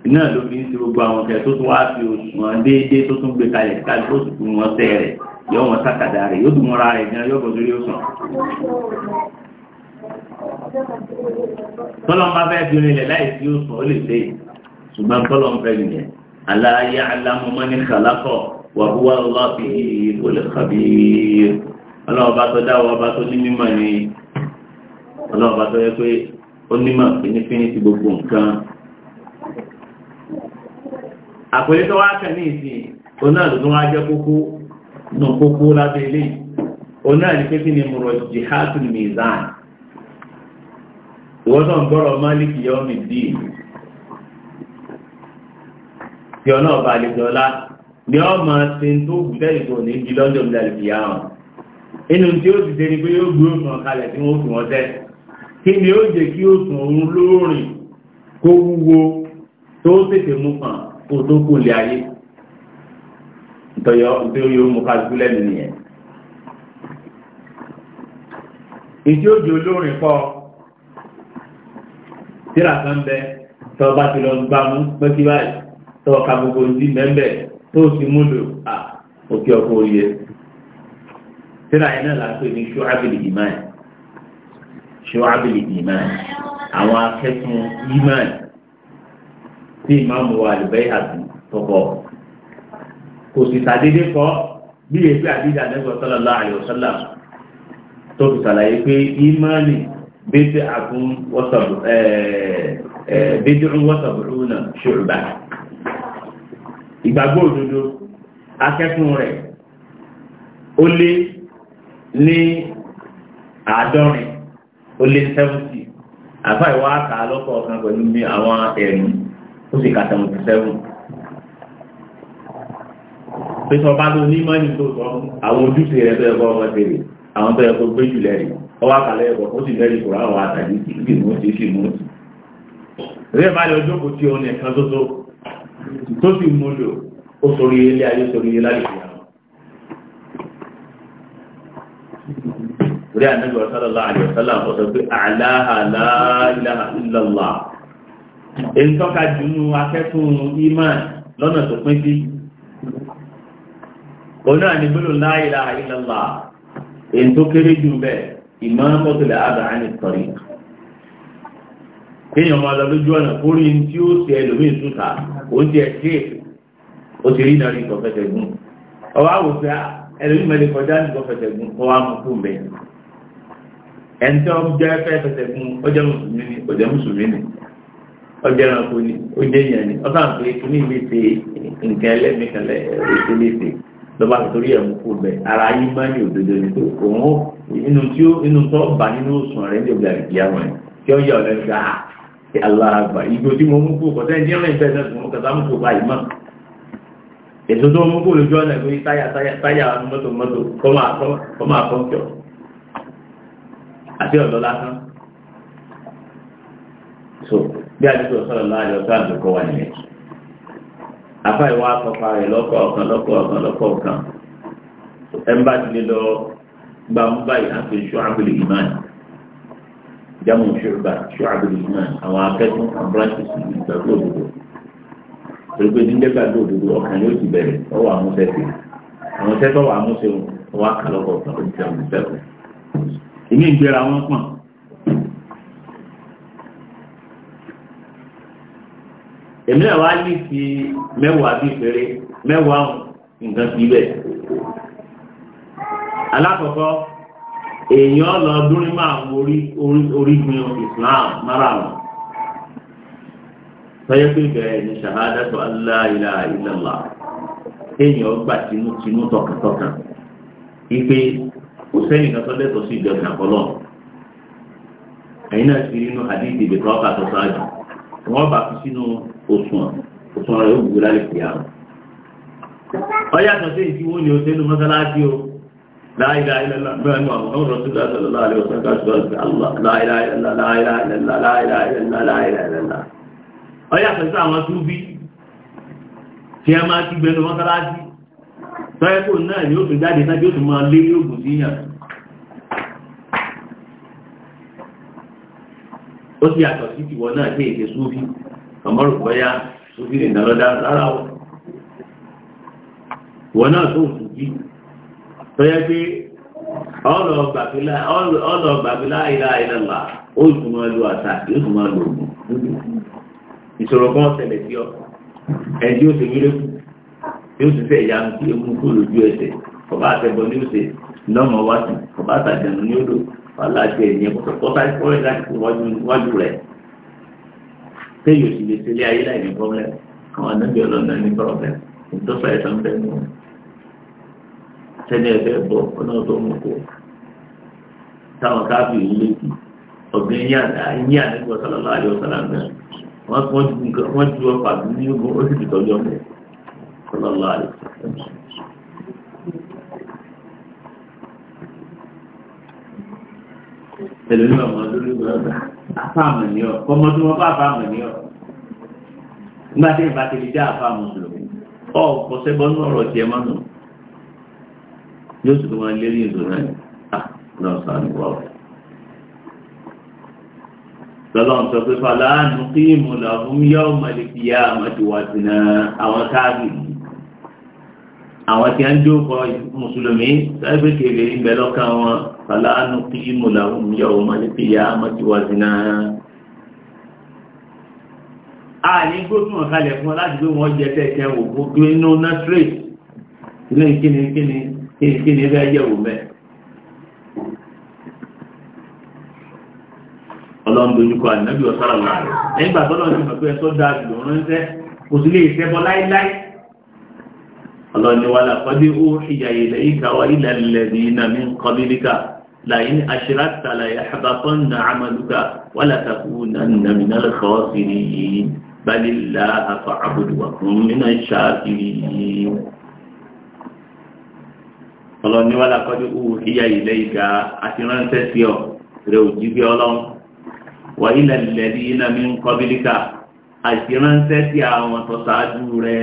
[SPEAKER 2] iná ló fi ń ti gbogbo àwọn kẹ tó tún wá fi òṣùwọ̀n déédéé tó tún gbé kalẹ̀ káàdì tó sì fún wọn tẹ́ rẹ̀ yọ wọn sákàdá rẹ̀ yóò tún mọ́ra rẹ̀ gan yóò bọ̀ sórí òsàn. tọ́lọ́n bá fẹ́ fi onílẹ̀ láì sí òsàn ó lè ṣe ṣùgbọ́n tọ́lọ́n fẹ́ nìyẹn aláàyè alámọ́mọ́ ní kàlákọ̀ wàhúwà lọ́ọ̀fì olùkàbí ọlọ́ọ̀bá tó dáwọ́ ọba tó ní mímọ̀ ni ọlọ́ọ̀bá tó yẹ àpẹẹrẹ tó wá kàn ní ìsìn oná ló tún wá jẹ́ kókó nù kókó lábẹ́ ilé oná pé kí ni mọ̀rọ̀ jihatul mizan ìwọ́n náà gbọ́rọ̀ máàlìkì yọ́ mi dì tí ọ náà bá lè dọ́lá ni ọ máa ṣe tó gbùdẹ́ ìgbò ní ibi lọ́jọ́ ìdàlùkì àwọn inú tí ó ti ṣe ni pé yóò gbé òsùn kalẹ̀ tí wọ́n fi wọ́n tẹ́ kí ni ó jẹ́ kí òsùn òun lóòrìn kó wúwo tó tètè mú kàn kó tó kó lé ayé ntọ́yọ ntọ́yọ yóò mú kálukú lẹ́nu nìyẹn. ìdí òjò olórin kọ tíra kan bẹ tọ́ bá ti lọ gbá mú pẹ́kí báyìí tọ́ ka gbogbo ní mẹ́mbẹ́ tó ti mú lò à òkè ọkọ̀ òye. tíra yẹn náà la pè ní ṣọ́ábìlì ìmáì ṣọ́ábìlì ìmáì àwọn akẹ́kọ̀ọ́ ìmáì tí ìmáàmù wa àlùbẹ́ àti tọkọ kò sì sàdédé kọ bí èyí pé àdídà nẹ́gbọ̀n sallallahu alaihi wasallam tó fi sàlàyé pé ìmáàlì bẹ́tẹ̀ àkún wọ́sàbùrúnà ṣùgbà ìgbàgbọ́ òdodo akẹ́kùn rẹ̀ ó lé ní àádọ́rin ó lé 70 àfáìwá àkà lọ́kọ̀ọ̀kan pẹ̀lú ní àwọn ẹ̀rùn ó sì ka seventy seven pèsè ọba tó ní mọ́ni tó sọ àwọn ojúṣe rẹ̀ tó yẹ kọ́ ọmọ tèrè àwọn tó yẹ kó gbé jù lẹ́rìí ọwọ́ àkàlẹ́ ẹ̀kọ́ ó sì lẹ́rìí kò ráwọ̀ àtàlí sí mú sí sí mú sí. rẹ̀ bá yọ jókòó tí òun nìkan tó tó tó sì mú lò ó sórí ilé ayé sórí ilé láì fi àwọn. orí ànágbé ọ̀sán lọ́la àlè ọ̀sán làwọn sọ pé èyí tọ́ka jùlọ akẹ́kùn iman lọ́nà tó pín sí onáà ní gbọ́dọ̀ la ilaha illallah èyí tó kéré jù bẹ́ẹ̀ ìmọ̀nàmọ́tòlẹ̀ àgbà àní sọ̀rí kéèyàn máa lọ lójú ọ̀nà orí tí ó ti ẹlòmíì túta ó ti ẹ̀ sí ó ti rí náà rí ìkọ̀fẹ́sẹ̀ gùn ọwọ́ àwòfẹ́ ah, ẹlòmíì mẹ́lẹ̀ kọjá ní ìkọ̀fẹ́sẹ̀ gùn ọwọ́ àmúkú mẹ́ ẹni tí wọ́n jẹ́ fẹ́ fẹsẹ̀ gùn ó jẹ́ mùsùlùmí ni ó jẹ́ ọjọ́ ẹranko ni ó jẹ́ èèyàn ni ọ̀sán àti kíní ìlú ṣe nǹkan ẹlẹ́mìkanlẹ̀ ètò léṣe lọ́ba torí ẹ̀ mú kú bẹ̀ ara yín máa ní òdodo ni tó òun inú tí ó inú tó bà nínú òsùn rẹ̀ ní òbí àgbìyà wọn tí ó yẹ ọ̀rẹ́ gbà á ṣe aláàgbà ìgò tí mo mú kú kọ̀tẹ́ ẹni tí ó rìn fẹ́ náà mo kàtà mú kú báyìí mọ́ èso tó mú kú lójú ọ̀nà ìgbé táyà táyà mọ́tò mọ́tò kọ́ máa kọ́ kí ọ àti ọ̀dọ́ lásán bí àdúgbò sọ̀rọ̀ láàrin ọ̀tọ́ àdúgbò wà nìyẹn. àfa ìwà àkọ́kọ́ rẹ̀ lọ́kọ̀ ọ̀kan lọ́kọ̀ ọ̀kan lọ́kọ̀ ọ̀kan ẹnba ti lè lọ gba mú báyìí àti ṣọ́àbìlì ìmáànì jámù ṣùgbà ṣọ́àbìlì ìmáànì àwọn akẹ́kọ̀ọ́ àbúráṣì sí ìgbàgbọ́ òdodo torí pé níjẹ́ gbàgbọ́ òdodo ọkàn yóò ti bẹ̀rẹ̀ ọwọ́ àmúṣẹ́ sí àwọn tẹ́tọ́ wà àmúṣẹ́ wọn wá kà lọ́kọ̀ ọ̀kan ó ti èmi wa wá ní ti mẹ́wàá bíi péré mẹ́wàá nǹkan ti bẹ̀. alákọ̀ọ́kọ́ èèyàn lọ dúrín máa ń orígun Islam mara tọ́yẹ́ pé bẹ̀rẹ̀ ní ṣàhádàtò aláìlà ìlàlá èèyàn gbà tinútinú tọkàntọkàn ipe kò sẹ́yìn kan sọ́dẹ̀tọ̀ sí ìjọsìn àkọlọ́ ẹ̀yin náà ti rí inú àdíjì ìbẹ̀tọ́ ọkà tó sáájú wọ́n bá fi sínú òsùn òsùn rẹ̀ ó gbogbo lálẹ́ fìyà wọn. ọyá kan sí ìdí wọn ni o sẹ́nu mọ́sálásí o láìlá ìlàlá bẹ́ẹ̀ ni àwọn ọ̀rọ̀ tó dáa sọ̀rọ̀ láàrin ọ̀sán ká sọ̀rọ̀ sí àlá láìlá ìlàlá láìlá ìlàlá láìlá ìlàlá láìlá ìlàlá. ọyá kan sí àwọn túbí tí a máa ti gbẹnu mọ́sálásí tọ́ẹ́kù náà ni ó tún jáde sáájú ó tún máa lé ní ògùn síyàn ó sì yàtọ̀ sí tìwọ náà sí èdè súnfì ọmọ rò bọ́yá sókè nìkan lọ́dá rárá o wọn náà tó òtún jí tọ́yẹ́ pé ọ̀rọ̀ gbàgbélá ìlà ìlàlà ó tún máa lo àṣà yóò tún máa lo òògùn ìṣòro kan ṣẹlẹ̀ sí ọ
[SPEAKER 1] ẹ̀dí ó ti wílé kù
[SPEAKER 2] yóò ti fẹ́ ìyanu tí emu kú lójú ẹsẹ̀ ọba àtẹ̀bọ̀ ní òsè lọ́mọ wá sí ọba àtàjànú ní odò wàhálà àti ẹ̀yìn ẹ̀kọ́ kọ́tà ìkọ́rẹ́ láti wájú rẹ̀
[SPEAKER 1] téèyàn sì lè tẹ̀lé ayé
[SPEAKER 2] láì ní problem àwọn anábì ọlọ́nà ní problem ìdọ́fà ẹ̀sán ń bẹ́ẹ̀ mú un sẹ́ni ẹ̀fẹ́ bọ̀ ọ̀nà tó mú kó táwọn káàbì yìí létí
[SPEAKER 1] ọ̀gbìn yíyàdá yíyàdá sọlọ́lá àjọ sọlá náà
[SPEAKER 2] wọ́n ju ọ̀pá ní ogun ó sì fi tọ́jú ọmọ sọlọ́lá àjọ pẹ̀lú ní ọmọ lórí ìgbà afáàmù ni ọ ọmọ tí wọn bá afáàmù ni ọ nígbà tí ìbá ti lè dá afáàmù lò ọ kọsẹgbọ ní ọ̀rọ̀ tiẹ̀ mọ nù yóò sì tó máa lérí ìlú náà à lọ sàn ní wọ́ọ̀ lọ́lọ́ ń sọ pé fàlànà kí mo là fún yóò mọ̀lẹ́ yá àmọ́tíwájú náà àwọn káàkiri àwọn tí a ń jókòó mùsùlùmí sábẹ́ kébé ń bẹ lọ́kàn wọn fàlà nuqimu lahum yawmal qiyamati wazna. a ní gómìnà kalẹ̀ fún ọ láti gbé wọn jẹ tẹ́tẹ́ wò gbogbo inú nọ́tírè ilé kíni kíni kíni bẹ́ẹ̀ yẹ̀ wò mẹ́. ọlọ́run dojúkọ ànábì ọ̀sára láàrẹ̀ nígbà tó lọ́nà ìmọ̀ pé ẹ̀tọ́ dáa jùlọ ránṣẹ́ kò sí lè ṣẹ́bọ láíláí ọlọ́run ni wà lápọ́dé ó ìyà ilẹ̀ ìkàwà ilẹ̀ ilẹ̀ ní iná mi ń kọ́ lílíkà لئن أشركت ليحبطن عملك ولتكونن من الخاسرين بل الله فاعبد وكن من الشاكرين ọlọ́ni wà lápọ́jú òwò kíyà ilé ìgá àti ránṣẹ́ sí ọ rẹ ò jí bí ọlọ́run wà ilẹ̀ lẹ́bí iná mi ń kọ́ bílíkà àti ránṣẹ́ sí àwọn tó ṣáájú rẹ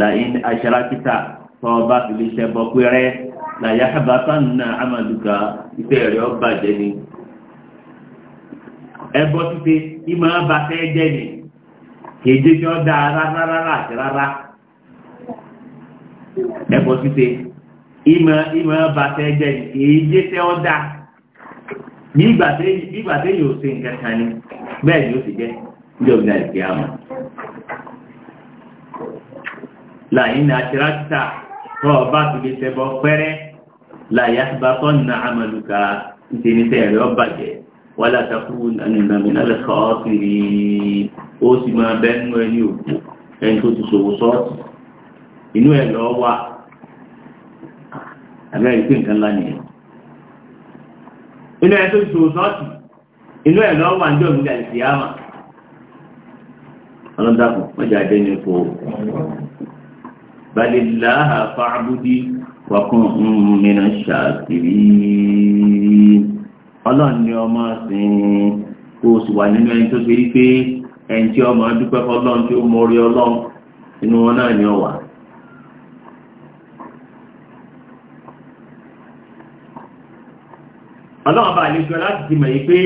[SPEAKER 2] làyín aṣáájú kíta tó ọba fi lè pé rẹ làyà àbáfáànà àmàlùkà ìfẹ́ rẹ̀ ọba jẹ́ ni ẹbọ títí ìmọ̀ abàfẹ́ jẹ́ ni kéde tí ó dá rárá rárá àti rárá ẹbọ títí ìmọ̀ ìmọ̀ abàfẹ́ jẹ́ ni kéde tí ó dá nígbà téèyàn ò ṣe nǹkan kan ni bẹ́ẹ̀ ni ó sì jẹ́ ìjọba ìlànà ìfẹ́ àmọ́ láyìn àti rákítà tó ọba tó lè tẹ́bọ̀ pẹ́rẹ́ láyé àtibátọ́ nà àmàlùkà ìṣe ní sẹ́ẹ̀rẹ́ ọ̀bàjẹ́ wàlá takú nàmìnà lẹ́kọ̀ ọ́sìrì ó sì máa bẹ́nu ẹni òkú ẹni tó ti ṣòwò sọ́ọ̀tì inú ẹ̀ lọ́ wà àbẹ́rẹ́ ìpín nǹkan ńlá nìyẹn inú ẹ̀ tó ti ṣòwò sọ́ọ̀tì wà ní òmìnira ìsìyàmà ọlọ́dàkùn wọ́n jẹ́ ní ipò balẹ̀ láhà fáábùdí wọ́kùn mìíràn ṣàkìrí ọlọ́run ni ọmọ sìn kó o sì wà nínú ẹni tó ṣe rí pé ẹni tí ọmọ dúpẹ́ fọlọ́run tí ó mọrí ọlọ́run inú wọn náà ni ọ wà. ọlọ́run bá àlejò láti ti mọ̀ yìí pé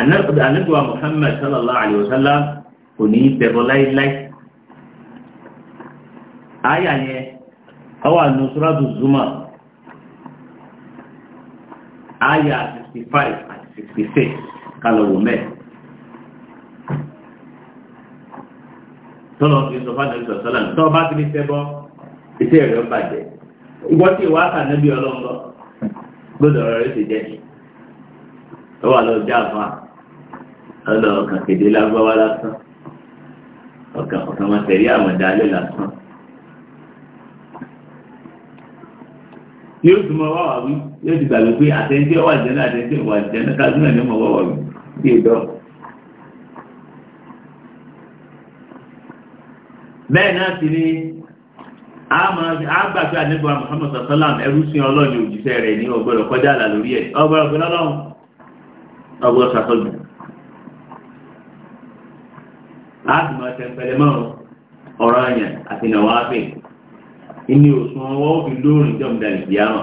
[SPEAKER 2] ànágbèwà Muhammad sallallahu alayhi wa sallam kò ní í bẹ̀rọ láéláé. àyà yẹn àwọn àánú suratu zuma àyà 65 five àti sixty six kálọ̀wò mẹ́ẹ̀. tọ́lọ̀ fi sọ fún àdéhùn sọ̀tọ́lá ní tọ́ bá ti ní sẹ́bọ́ iṣẹ́ rẹ̀ bàjẹ́ ìwọ́n tí ìwà kà níbi ọlọ́ńgọ́ gbọ́dọ̀ ọ̀rọ̀ rẹ̀ ti jẹ́ ẹ wà lọ já fa ọlọ́ ọkàn kéde lágbáwá lásán ọkàn ọkàn máa tẹ̀lé àmọ̀dá yóò tún mọ wáwà wí yóò ti gbàgbé pé àtẹ̀jẹ́ wà jẹ́ náà àtẹ̀jẹ́ wà jẹ́ náà kájú náà ní wí bẹ́ẹ̀ náà sì ni a máa a gbà pé àdébọ̀ Muhammad sallam ẹrú sí ọlọ́ọ̀ni òjíṣẹ́ rẹ̀ ní ọgbọ́dọ̀ kọjá àlà lórí ẹ̀ ọgbọ́dọ̀ pé ìní òsùn wọn fi lóòrìn jọ ìdàlì ìyáma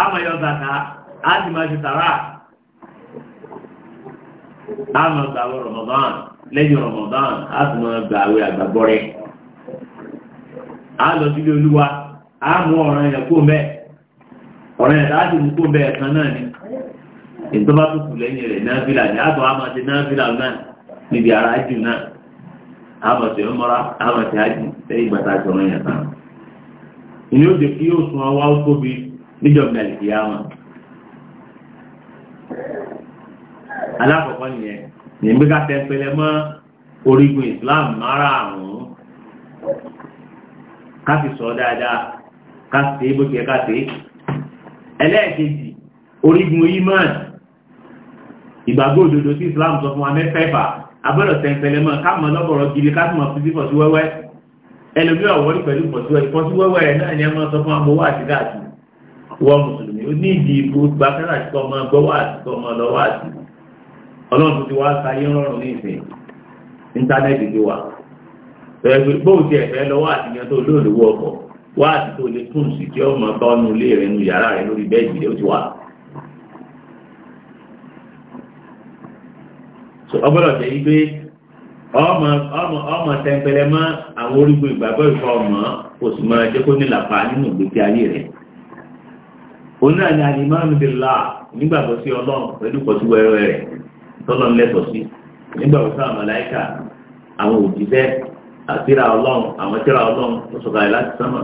[SPEAKER 2] àmà yọ zaka á ti àmà gbàwé Ramadan lẹ́yìn Ramadan á gbàwé àgbàgbọ́rẹ́ á sílé olúwa á mú ọ̀ràn kó mẹ́ ọ̀ràn yẹn láti mú kó mẹ́ ẹ̀kan náà ni ìtọ́ba lẹ́yìn rẹ̀ náà fìlà ní àtọ̀ àmà ti náà fìlà náà níbi àmọ̀tẹ̀ ọmọra àmọ̀tẹ̀ ájì lẹ́yìn gbàtà àjọrọ̀ yẹn tán ìní ó jẹ́ kí yóò sun ọwá ó tóbi níjọba ìkìyàmọ̀ alákọ̀ọ́kọ́ nìyẹn ní bí ká tẹ́pẹlẹ mọ́ orígun Islam mara àrùn ká sì sọ dáadáa ká sì ṣe bó ṣe ká ṣe ẹlẹ́ẹ̀kejì orígun imán ìgbàgbọ́ òdodo tí Islam sọ fún wa mẹ́fẹ́fà agbọ́dọ̀ tẹ̀pẹ̀lẹ̀ mọ́ káàmọ́ lọ́bọ̀rọ̀ gidi káàmọ́ fífi pọ̀ sí wẹ́wẹ́ ẹlòmí ọ̀wọ́rí pẹ̀lú pọ̀ sí wẹ́wẹ́ pọ̀ sí wẹ́wẹ́ rẹ̀ náà ni ẹ máa sọ fún amowó àti gáàsì wọ mùsùlùmí ó ní ìdí ìbò gba kẹ́rà sí ọmọ gbọ́wọ́ àti ọmọ lọ́wọ́ àti ọlọ́run ti wá sáyé rọrùn ní ìsìn íńtánẹ́ẹ̀tì ti wà pẹ̀lú bóun ti ẹ̀fẹ́ lọ́wọ́ àti ní ọtọ́ olóòlówó ọkọ̀ wá àti tó lè túnṣì tí ọmọ bá ọnù ilé rẹ̀ nu yàrá rẹ̀ lórí bẹ́ẹ̀dì rẹ̀ ó ti wà ọgbọ́dọ̀ jẹ́ wípé ọmọ tẹ́ńpẹ́lẹ́ mọ́ àwọn orígun ìgbàgbọ́ ìfọ ọmọ kò sì máa jẹ́ kó nílàpá nínú ìgbésí ayé rẹ̀ òun náà ni alimánu bìlá nígbàgbọ́ sí ọlọ́run pẹ̀lú pọ̀sí wẹ́rẹ́ rẹ̀ tọ́lọ́ lẹ́tọ̀ sí nígbàgbọ́ sí àwọn màláíkà
[SPEAKER 1] àwọn òjíṣẹ́
[SPEAKER 2] àtìrà ọlọ́run àwọn tírà ọlọ́run tó sọ̀kalẹ̀ láti sánmà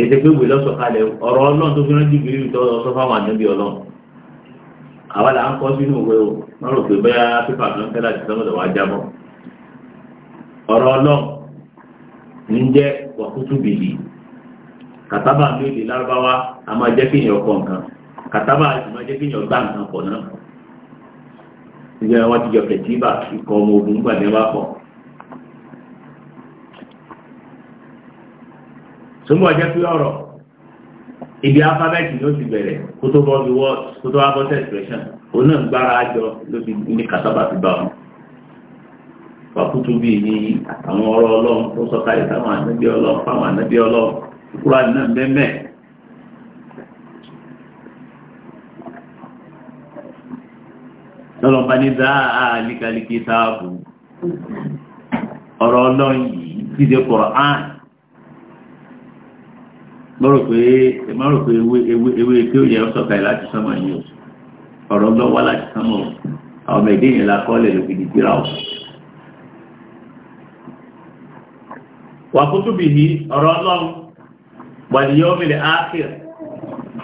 [SPEAKER 1] ètò ìgbéwèé lọ́sọ̀kalẹ̀ ọ̀rọ̀ ọlọ́run tó fi rán jìbìrì tó sọ fáwọn àdúgbò ọlọ́run
[SPEAKER 2] àwa là ń kọ́ sínú ìwé o wọ́n rò pé bẹ́ẹ̀ pépà kan tẹ́lá ti sọ́mọ́dọ̀ wá jábọ̀ ọ̀rọ̀ ọlọ́run ní jẹ́ wàkútù bìbì kàtàbà ń lóde lárúbáwá a máa jẹ́ kéèyàn kọ nǹkan kàtàbà a sì máa jẹ́ kéèyàn gbá nǹkan pọ̀ náà ìjọba wọn ti jọ kẹtíbà ikọ̀ ọmọ ogun gbàdé wá pọ̀ sọ́mọ́ ọjọ́ ọ̀rọ̀ ibi alifábẹ́ẹ̀tì ló ti bẹ̀rẹ̀ kó bọ́ bí word expression òun náà gbára ajọ ní kàtàbà ti bá wọn. wàkútù bíi ní àtàwọn ọ̀rọ̀ ọlọ́run tó sọ̀kalẹ̀ táwọn ànábì ọlọ́run fáwọn ànábì ọlọ́run kúrò àdínà mẹ́mẹ́. ní dáa ọ̀rọ̀ ọlọ́run yìí mọ́rò pé mọ́rò pé ewé ewé pé ó yẹ ọ́ sọ̀kalẹ̀ láti sánmọ̀ yìí o ọ̀rọ̀ ń lọ wá láti sánmọ̀ o àwọn ọmọ èdè yẹn la kọ́ lẹ̀ lògidì síra o. wà kútù bì yí ọ̀rọ̀ ọlọ́run wàlíyé omìnir ákìr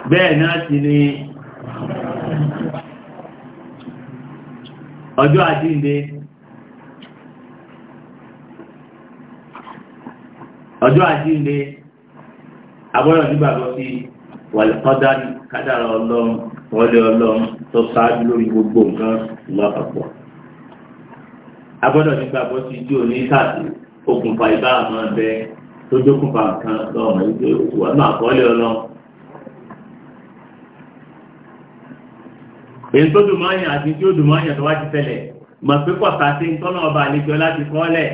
[SPEAKER 2] bẹ́ẹ̀ náà ti ní ọjọ́ àdínde ọjọ́ àdínde agbọ́dọ̀ nígbàgbọ́ sí wàlùkọ́dárì kádàrà ọlọ́run wọlé ọlọ́run tó ṣáájú lórí gbogbo nǹkan lọ́pàpọ̀ agbọ́dọ̀ nígbàgbọ́ sí ijó ní sáàtì okùnfà ibà àmọ́ bẹ tó dókùnfà nǹkan lọ́mọ ìgbé wà náà kọ́lé ọlọ́run. èyí tó dùn mọ́yàn àti tí ó dùn mọ́yàn tó wá ti fẹ́lẹ̀ mọ̀ pé pọ̀ sáà sí ń tọ́nà ọba àlejò láti kọ́lẹ̀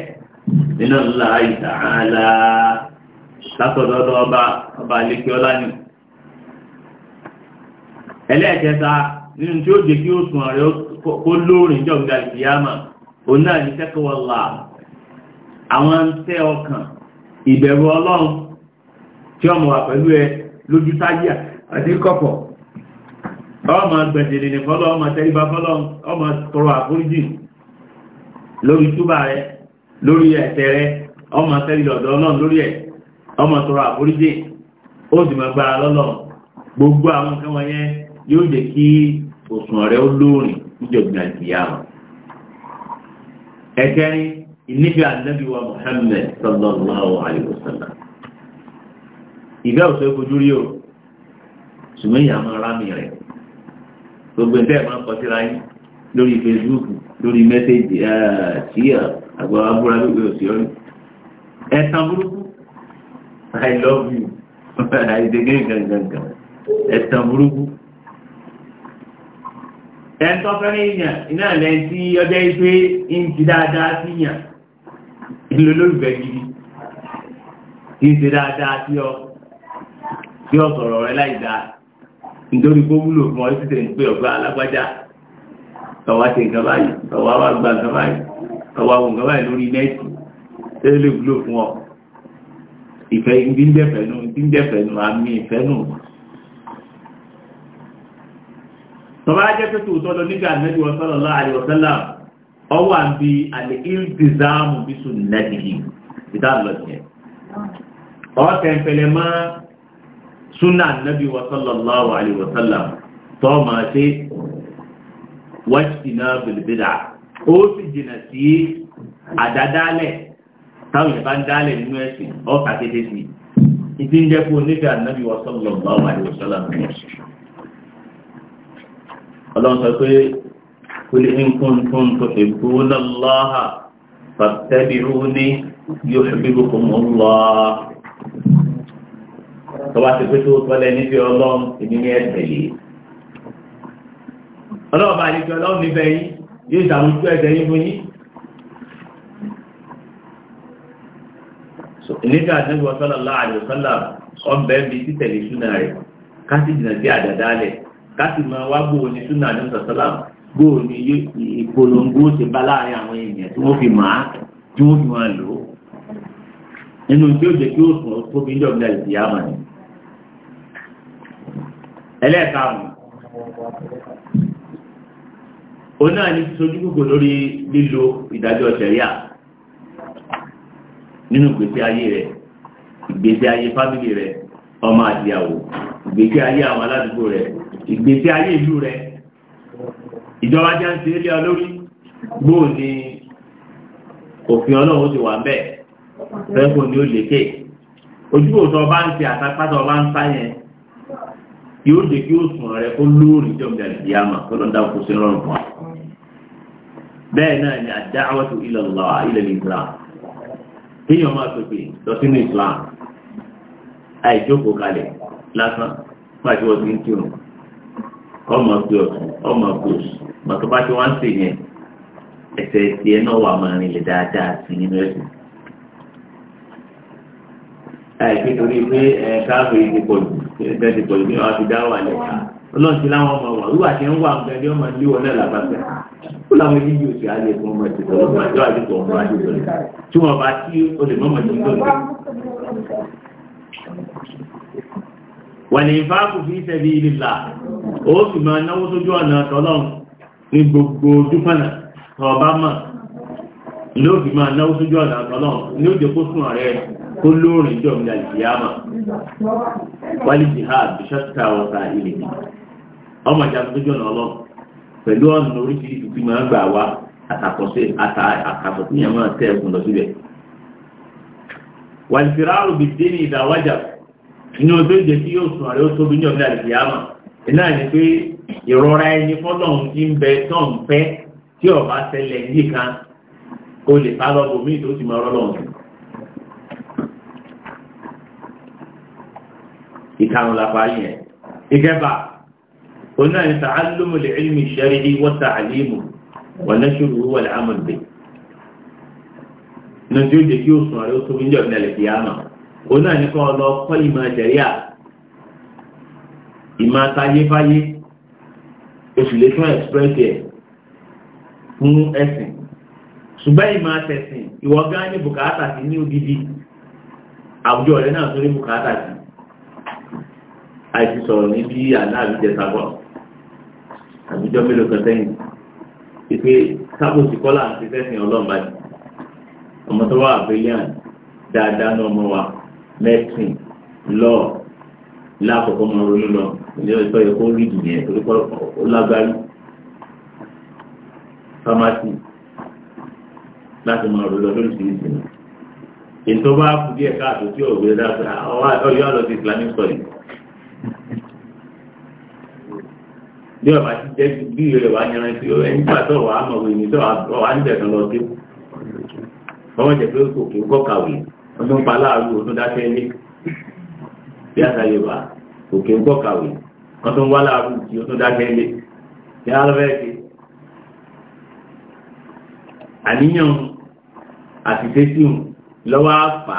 [SPEAKER 2] nínú ńlá ìtàn látọ̀dọ̀dọ̀ ọba ọba àlekè ọlá ni ẹlẹ́ẹ̀kẹta nínú tí ó jẹ́ kí ó sùn ọ̀rẹ́ kó lóòrìn jọ̀gbà ìfìyàmà òun náà ní tẹ́kọ̀ọ́lá àwọn ń tẹ́ ọkàn ìbẹ̀rù ọlọ́run tí ọmọ wà pẹ̀lú ẹ lójú táyà àti kọ̀pọ̀ ọmọ gbẹ̀dẹ̀lẹ̀ ní fọ́lọ́ ọmọ fọ́lọ́ ọmọ tọrọ àforíjì lórí túbà rẹ lórí ẹ̀tẹ̀ rẹ ọmọ ọlọ́run lórí ọmọ tọrọ àforíjì ó sì máa gbára lọ́lọ́ gbogbo àwọn nǹkan wọn yẹn yóò jẹ́ kí òsùn rẹ̀ ó lóòrìn níjọba ìyá wọn. ẹ̀kẹ́rin ìníbi ànábì wa Muhammad sallallahu alayhi wa sallam ìbẹ́ òṣèré fojú rí o ṣùgbọ́n ìyá máa rámì rẹ̀ gbogbo ẹ̀dẹ́ máa ń kọ síra yín lórí Facebook lórí mẹ́sẹ̀jì sí àgbà abúlé òsì ọ̀rẹ́ ẹ̀sán burúkú I love you burúkú. fẹ́rẹ́ ìyàn iná tí ọjọ́ ń ti dáadáa sí yàn gidi ọ ọ sọ̀rọ̀ rẹ láì dáa nítorí kó fún ọ sí ń pè alágbájá ṣe nǹkan báyìí wá gba nǹkan báyìí wò nǹkan báyìí fún ọ. ìfẹ́ ibi ń dẹ̀fẹ́ nù ibi ń dẹ̀fẹ́ nù àmì ìfẹ́ nù. tọ́ba jẹ́ pé tòótọ́ lọ nígbà nẹ́bí wọn sọ̀rọ̀ lọ àdìwọ̀sẹ́là ọwọ́ àbí àlè ìlìdìzáàmù bí sùn nẹ́bìlì ìdáàlọ́jẹ́. ọ̀tẹ̀ ìpẹlẹ mọ́ súnà nẹ́bí wọn sọ̀rọ̀ lọ àdìwọ̀sẹ́là táwọn ìbá ń dálẹ̀ nínú ẹ̀sìn ọ̀tà kété sí i ti ń jẹ́ fún onífẹ́ ànábì wa sọ́lọ̀ bá wà ní ọ̀sọ́lá mi. ọlọ́run sọ pé kúlé ń kún fún tó èbú lọ́láhà fattabi'uni yuhibbukum Allah. tọ́wá ti pé tó tọ́lẹ̀ nífẹ̀ẹ́ ọlọ́run èmi ní ẹ̀sẹ̀ yìí. ọlọ́run bá ní kí ọlọ́run nífẹ̀ẹ́ yín yóò ṣàmójú ẹ̀sẹ̀ yín fún yín. nígbà ànábì sallallahu alaihi wasallam ọbẹ̀ ń bi títẹ̀lé súnà rẹ̀ ká sì jìnà sí àdàdà lẹ̀ ká sì máa wá gbòó ní súnà ànábì sọ̀sọ́lá gbòó ní ìpolongo ṣe bá láàrin àwọn èèyàn tí wọ́n fi máa tí wọ́n fi máa lò ó nínú tí ó jẹ́ kí ó sùn tóbi ní ọ̀gbìn àti ìyáàmà ni. ẹlẹ́ẹ̀karùn-ún òun náà sojú gbogbo lórí lílo ìdájọ́ ṣẹ̀ríà nínú ìgbésí ayé rẹ̀ ìgbésí ayé fámìlì rẹ̀ ọmọ àdìyàwó ìgbésí ayé àwọn aládùúgbò rẹ̀ ìgbésí ayé ìlú rẹ̀ ìjọba jẹ́ ń ṣe é gbóò ní òfin ọlọ́run ti wà bẹ́ẹ̀ fẹ́kùn ni ó lékè ojúbò tó ń ṣe àtàpátá ọba ń sáyẹn yóò dé kí ó sùn rẹ kó lóòrì jọmọdé àdìyàmà kó lọ́dá kó sí lọ́rùn fún wa bẹ́ẹ̀ náà ni àdáwọ́tò ila Allah ila al-Islam kéèyàn máa pèpè lọ sínú Islam àìjókòó kalẹ̀ lásán pàṣẹ wọ́n ti ń kírun ọmọ pé ọ̀sùn ọmọ pé oṣù màtó bá ti wá ń sè yẹn ẹsẹ̀ tiẹ̀ náà wà máa rìnlẹ̀ dáadáa sí nínú ẹ̀sìn. àìpé torí pé ẹ káàbọ̀ yìí ti pọ̀ jù ẹgbẹ́ ti pọ̀ jù ní àwọn ti dá wà lẹ́ka ọlọ́run ti láwọn ọmọ wà wíwà tí ń wà ń bẹ ní ọmọ ilé wọn náà làbàbẹ̀. ó láwọn ilé yóò ṣe àlè fún ọmọ ìṣẹ̀lẹ̀ ọmọ àjọ àdìgbò ọmọ àdìgbò rẹ̀ tí wọ́n bá tí o lè mọ́mọ́ ìṣẹ̀lẹ̀ rẹ̀. wọ́n lè fà kù fi ṣẹ̀bi ìlà ó sì máa náwó sójú ọ̀nà tọ́lọ́n ní gbogbo dúpọ̀nà ọba mọ̀ ní ó sì máa náwó sójú ọ̀nà tọ́lọ́n ní ó jẹ́ kó sùn ọ̀rẹ́ kó lóòrìn jọ̀ ní àlìyámà wálé jihad bishop pẹ̀lú ọ̀nà oríṣiríṣi tí máa ń gbà wá àtàkọ̀sẹ̀ àtàkọ̀ tí yẹn máa tẹ̀ ẹ̀kùn lọ síbẹ̀. wàlìfìràrù bìí dé ní ìdáwájà
[SPEAKER 1] inú ọdún ìjẹ́ tí yóò sùn àrẹ́ ó tóbi ní ọ̀gbìn àlìfì àmà iná ni pé ìrora ẹni fọ́lọ́hún ti ń bẹ tán pẹ́ tí ọba tẹlẹ̀ nìkan
[SPEAKER 2] kó lè fá lọ́dọ̀ míì tó ti máa rọ́lọ́hún. ìkarùn-ún la parí yẹn ìkẹfà قلنا يتعلم العلم الشرعي وتعليمه ونشره والعمل به نجد جي كيو سواري من جبنا القيامة قلنا نقول الله قل ما جريا إما تايي فايي إفليشن مو يẹ fún ẹ̀sìn ṣùgbọ́n ìmọ̀ àtẹ̀sìn ìwọ gan ní bùkátà sí ní odidi àwùjọ rẹ̀ náà tó ní bùkátà sí àbíjọ́ mélòó kan sẹ́yìn ìpè sábòsí kọ́lá àti sẹ́sìn ọlọ́ọ̀bá yìí ọmọ tó wà brilliant dáadáa ní ọmọ wa mẹ́tìn lọ lákòókò máa ronú lọ ilé ẹ̀kọ́ yẹ kó rí ìdìyẹn torí kọ́ ó lágbárí fámásì láti máa ronú lọ lóríṣiríṣi ni ètò bá kú díẹ̀ káàtó tí ò gbé dáa ah, ọyọ́ lọ sí Islamic studies bí ọ̀bá ti jẹ́ bí rẹ̀ wá yẹran sí ọ̀rẹ́ nígbà tó wà á mọ̀ wí ní tó wà á níbẹ̀ kan lọ sí ọmọ jẹ́ pé kò kí ń kọ́ kàwé ọdún pa láàrú ọdún dákẹ́ ilé bí àṣà Yorùbá kò kí ń kọ́ kàwé ọdún wá láàrú tí ọdún dákẹ́ ilé bí alọ́fẹ́ẹ̀kì àníyàn àtìsẹ́sìn lọ́wọ́ àfà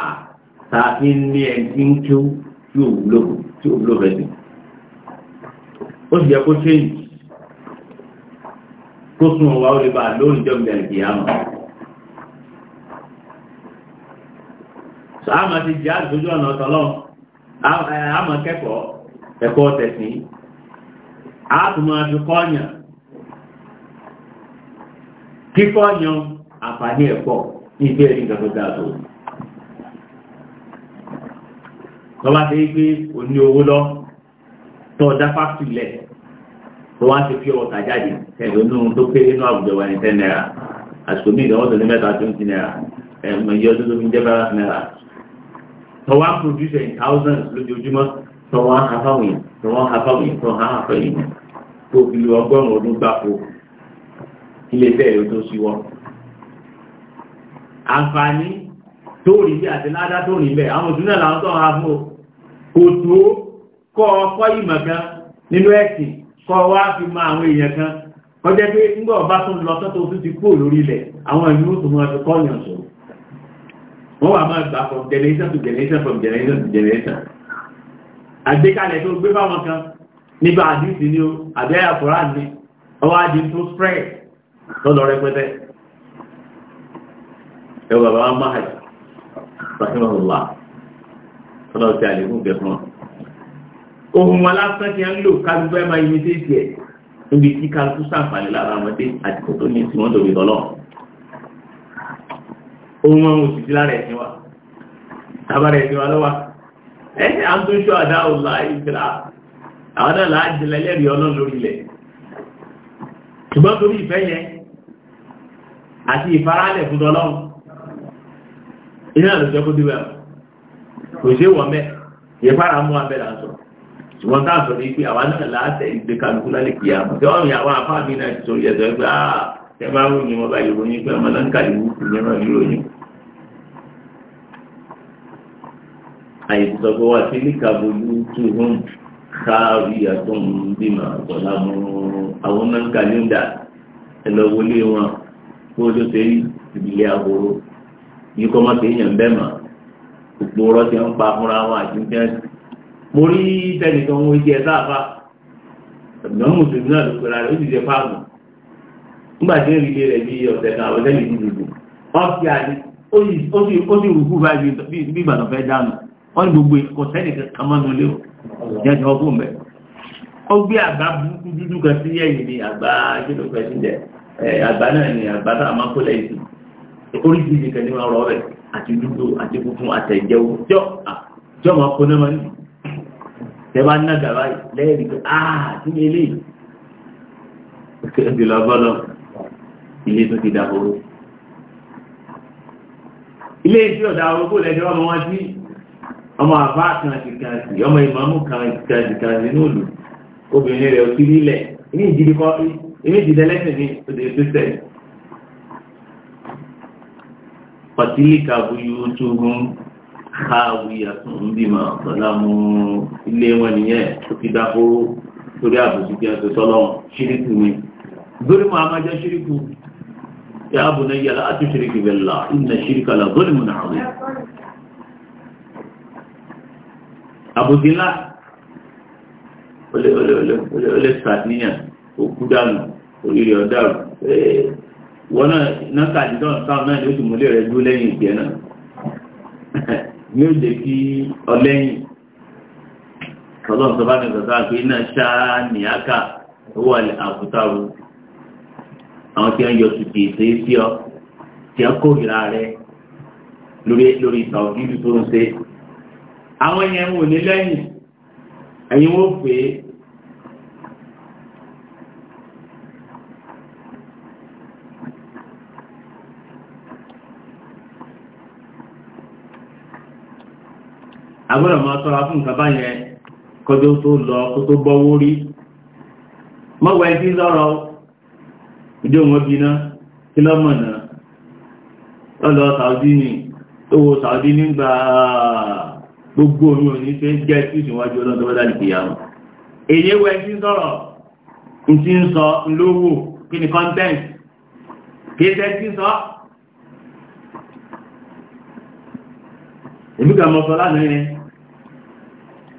[SPEAKER 2] tá fi ń ní ẹni tí ń kíw tí òwúlò rẹ̀ ó sì yẹ kó ṣe kó sun ọ̀wá ó bá a lórí jọ́ ìgbà ìgbìyà mọ́. àmà ti jẹ́ àdójú ọ̀nà ọ̀tọ̀lọ́n àmà kẹ́kọ̀ọ́ ẹ̀kọ́ tẹ̀sìn àtùmọ̀ àti kọ́ọ̀yàn kíkọ́ọ̀yàn àǹfààní ẹ̀kọ́ ní ìgbé ẹ̀rí nǹkan tó dáa tó lọ́wọ́ ti rí pé òní owó lọ́wọ́ tọ́ dá fáfitì lẹ̀ tó wá ti fi ọ̀tà jáde ẹ̀rọ inú tó kéré inú àwùjọ wa ní ten naira àsìkò ní ìdánwò tó ní mẹ́ta twenty naira ẹ̀mọ iye ọdún tó fi jẹ́ bẹ́rẹ̀ naira tọ́ wá produce in thousands lójoojúmọ́ tọ́ wá hafáwìn tọ́ wá hafáwìn tọ́ wá hafáwìn tó fi lu ọgọ́rùn-ún ọdún gbáko ilé iṣẹ́ èrò tó ṣíwọ́ àǹfààní tó rí bí àti ládá tó rí bẹ́ẹ̀ àwọn òṣùnà làwọn tó ń ha fún o kò tó kọ́ ọkọ́ ìmọ̀ kan nínú ẹ̀sìn kọ́ wá fi máa àwọn èèyàn kan kọjá pé ńgbọ̀ bá tún lọ sọ́tọ̀ tó ti lórí ilẹ̀ àwọn ìlú tó mọ́ ẹ̀fẹ́ kọ́yàn sọ wọ́n wà máa gbà from generation to generation from generation to generation àgbékalẹ̀ tó gbé báwọn kan nígbà àdìsí ni ó ni ọwọ́ àdì tó spread rẹpẹtẹ bàbá máa àlékún ohun wọn lásán ti ń lò kálukú ẹ̀ máa yí sí ìtì ẹ̀ níbi tí kálukú sàǹfààní lára ọmọdé àti kòtò ní tí wọ́n tóbi lọ́lọ́ ohun wọn ò sì sí lára ẹ̀sìn wa tábàrà ẹ̀sìn wa lọ́wọ́ ẹ̀ à ń tún ṣọ àdá ọ̀la ìgbà àwọn náà láàjẹ lẹ́lẹ́rìí ọlọ́run lórí ilẹ̀ ṣùgbọ́n torí ìfẹ́ yẹn àti ìfaralẹ̀ fún tọ́lọ́run
[SPEAKER 1] iná ló jẹ́ kó dúró kò ṣe wọ̀ mẹ́
[SPEAKER 2] ìfara abẹ́ là ṣùgbọ́n táà sọ ní pé àwa náà láàtẹ̀ ìgbé kálukú lálẹ́ kìí àmọ́ tí wọ́n rí àwọn afá mi náà ti sọ yẹ sọ pé áà ah, ẹ bá rò yín wọn bá yòrò yín pé ọmọ lọ́nkà lè wú kù lọ́nà yìí ròyìn. àìsàn pé wá sí líka bojú tù hún káàrí àtún bí mà bọ̀lá mú àwọn lọ́nkà ní dà ẹ lọ wọlé wọn kó o tó ṣe ìdílé àbúrò yìí kọ́ mori rí wọn ti afa àfà ẹ̀gbọ́n mùsùlùmí náà ló pera ó sì jẹ fáàmù nígbà tí ń rí ilé rẹ̀ bí ọ̀sẹ̀ kan àwọn tẹ́lẹ̀ ti dìbò ọ̀sẹ̀ àti ó sì rúkú báyìí bí ìgbàdàn fẹ́ dànù wọ́n ní gbogbo kan mọ́nu lé o jẹ́ ti ọkùn bẹ̀. ó gbé àgbá burúkú dúdú kan sí ẹ̀yìn àgbá sílẹ̀ àgbá náà ni àgbá a tẹ́bá ná gàrá lẹ́yìn pé áà tí mi lè kẹ́ẹ̀dì lọ́gbọ́dọ̀ ilé tó ti dàbòrò ilé tí ọ̀dà orókó lẹ́ni ọmọ wọn sí ọmọ àbá kan kìkàsì ọmọ ìmọ̀mú kan kìkàsì kan nínú òlù
[SPEAKER 1] obìnrin rẹ̀ òkú nílẹ̀
[SPEAKER 2] ní ìdílé kọ́ ilé ìdílé lẹ́sìn ní òde tó tẹ̀ pàtílíkà buyutuhum káwíyà fún bímọ sọlámù ilé wọn nìyẹn tó ti dáko torí àbòsí kí a ti sọlọ ṣíríkù ni lórí mọ àmàjẹ ṣíríkù yà á bùnà yàrá àti ṣíríkù bẹ̀là ìnà ṣíríkù àlà lórí mọ náà wí. àbòsí ńlá ó lè òkú dànù oríire ọ̀dàrú wọn náà náà táwọn náà ní ó jẹ́ kí ọlẹ́yìn ọlọ́run tó bá ní ìgbàgbọ́ àgbẹ̀ náà ṣáá ní àká owó àkútàrú àwọn tí wọ́n yọ tùkì ètè sí ọ tí wọ́n kórìíra rẹ lórí lórí ìtàn òdúdú tó ń ṣe àwọn yẹn wò ní lẹ́yìn ẹ̀yin wọ́n pè agbọ́dọ̀ máa tọ́ra fún nǹkan báyẹn kọjọ́ tó lọ kó tó bọ́wó rí mọ́wàá ẹtí lọ́rọ̀ ìjọ wọn bíná kí lọ́mọ̀ náà lọ́lọ́ Saudi ni owó Saudi nígbà gbogbo omi òní fẹ́ jẹ́ tí ìṣìnwájú ọlọ́dọ́ bọ́dá lè gbìyàwó èyí wọ ẹtí sọ̀rọ̀ n ti ń sọ lówó kí ni content kí ẹsẹ̀ ti sọ èmi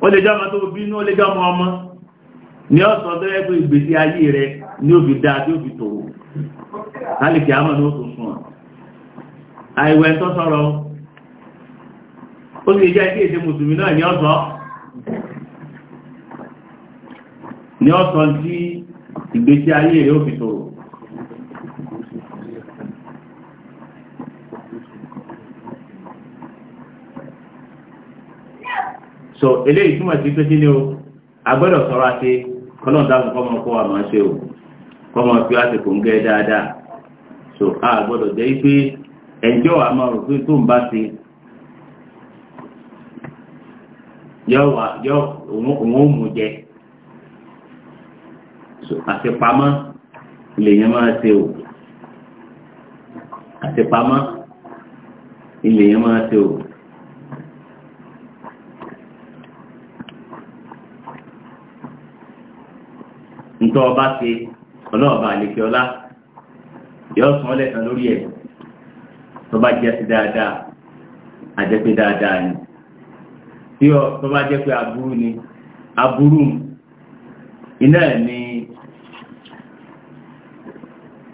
[SPEAKER 2] ó lè jáma tó bí inú ó lè jáma ọmọ ní ọ̀sán tó yẹ ìgbésí ayé rẹ ní òbí dá tí ó fi tò ó lálìkì ní ó tó sùn àìwẹ̀ tó sọ̀rọ̀ ó sì jẹ́ kí èsè mùsùlùmí náà tí ìgbésí ayé so eléyìí túmọ̀ sí pé kíni o agbọ́dọ̀ sọ̀rọ̀ àti kọ́nà dáhùn kọ́mọ kó wa máa ṣe o kọ́mọ fi wá ti kò ń gẹ́ dáadáa so a gbọ́dọ̀ jẹ́ pé ẹ̀jọ́ àmọ́ rò pé tó ń bá ti yọ wà yọ òun ó mú jẹ so àṣepamọ́ lèèyàn máa ṣe o àṣepamọ́ ilèèyàn máa ṣe o. ntọ́ ọba ṣe ọlọ́ọ̀ba àlèkè ọlá yóò sàn ọ́ lẹ́sàn lórí ẹ̀ tọ́ba jẹ́ sí dáadáa àjẹpé dáadáa ni tí ọ tọ́ba jẹ́ pé aburú ni aburú iná ẹ̀ ni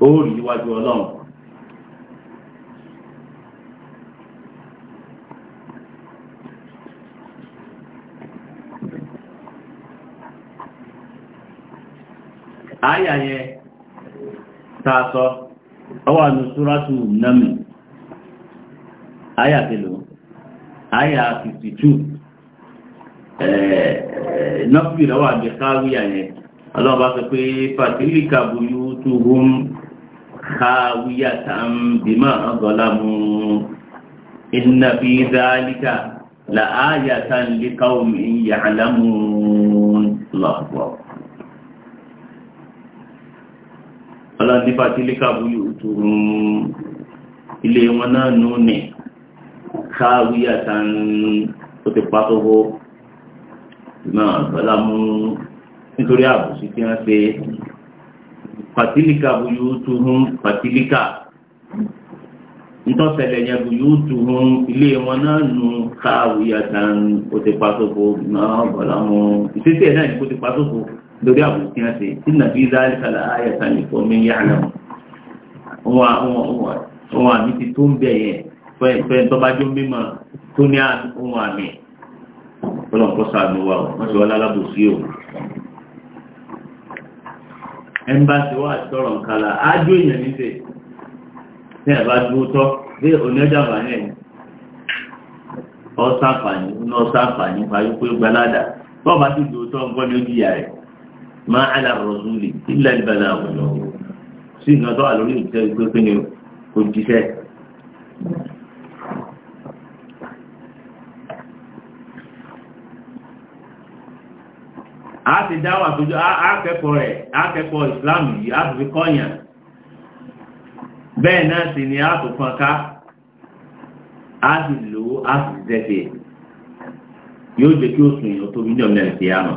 [SPEAKER 2] ó rí iwájú ọlọ́run. àyà ye tààsọ ọwà ní súrátù nàmì àyà tèlò àyà 52 nọ́fì lọ́wà bí káwíyà yẹn ọlọ́wọ́ bá sọ pé fàtílíkà bóyú tó hún káwíyà tàn inna fi zalika la ayatan liqaumin ya'lamun Allahu akbar dífà tílíkà búlù tòun ilé wọn náà nù ní káwí àtàn ó ti pa tó hó náà bọ́lá mú nítorí àbùsí tí wọ́n ṣe pàtílíkà búlù tòun pàtílíkà ntọ́sẹ̀lẹ̀ yẹn bu yóò tu hun ilé wọn náà nu káwí àtàn ó ti pa náà bọ́lá mú ìṣesí ẹ̀ náà ni kó ti pa lórí àbùkù tí wọ́n ṣe tí nàbí záàlì kàlà ayé sani fọmi yá àná wọn àmì ti tó ń bẹ yẹn fẹ́ tọ́bájú mímọ́ tó ní ohun àmì ọlọ́pọ̀ sáàmì wà wọ́n ti wọ́n lálábò sí o ẹmbáṣe wà tọrọ nkàlà ájú èèyàn níṣẹ́ ní ẹ̀bá dúró tọ́ bí onídàbà yẹn ọ̀sánfàní ọ̀sánfàní fayó pé gbaládà tọ́ọ̀bá ti dúró tọ́ ń ní ó ìyá rẹ̀ máa àlà rọ̀súlì ilẹ̀ ìbẹ̀lẹ̀ àwọn ọ̀hún sí nǹkan tó wà lórí ìjẹ́ ìgbésẹ̀ ni kò jíṣẹ́. a ti dá wà tójú akẹ́kọ̀ọ́ rẹ̀ akẹ́kọ̀ọ́ ìsìláàmù yìí a ti fi kọ́yàn bẹ́ẹ̀ náà sì ni a tó fọn ká a sì lò ó a sì jẹ́ pé yóò jẹ́ kí ó sùn yóò tóbi ní ọ̀nà ìfìyàmọ̀.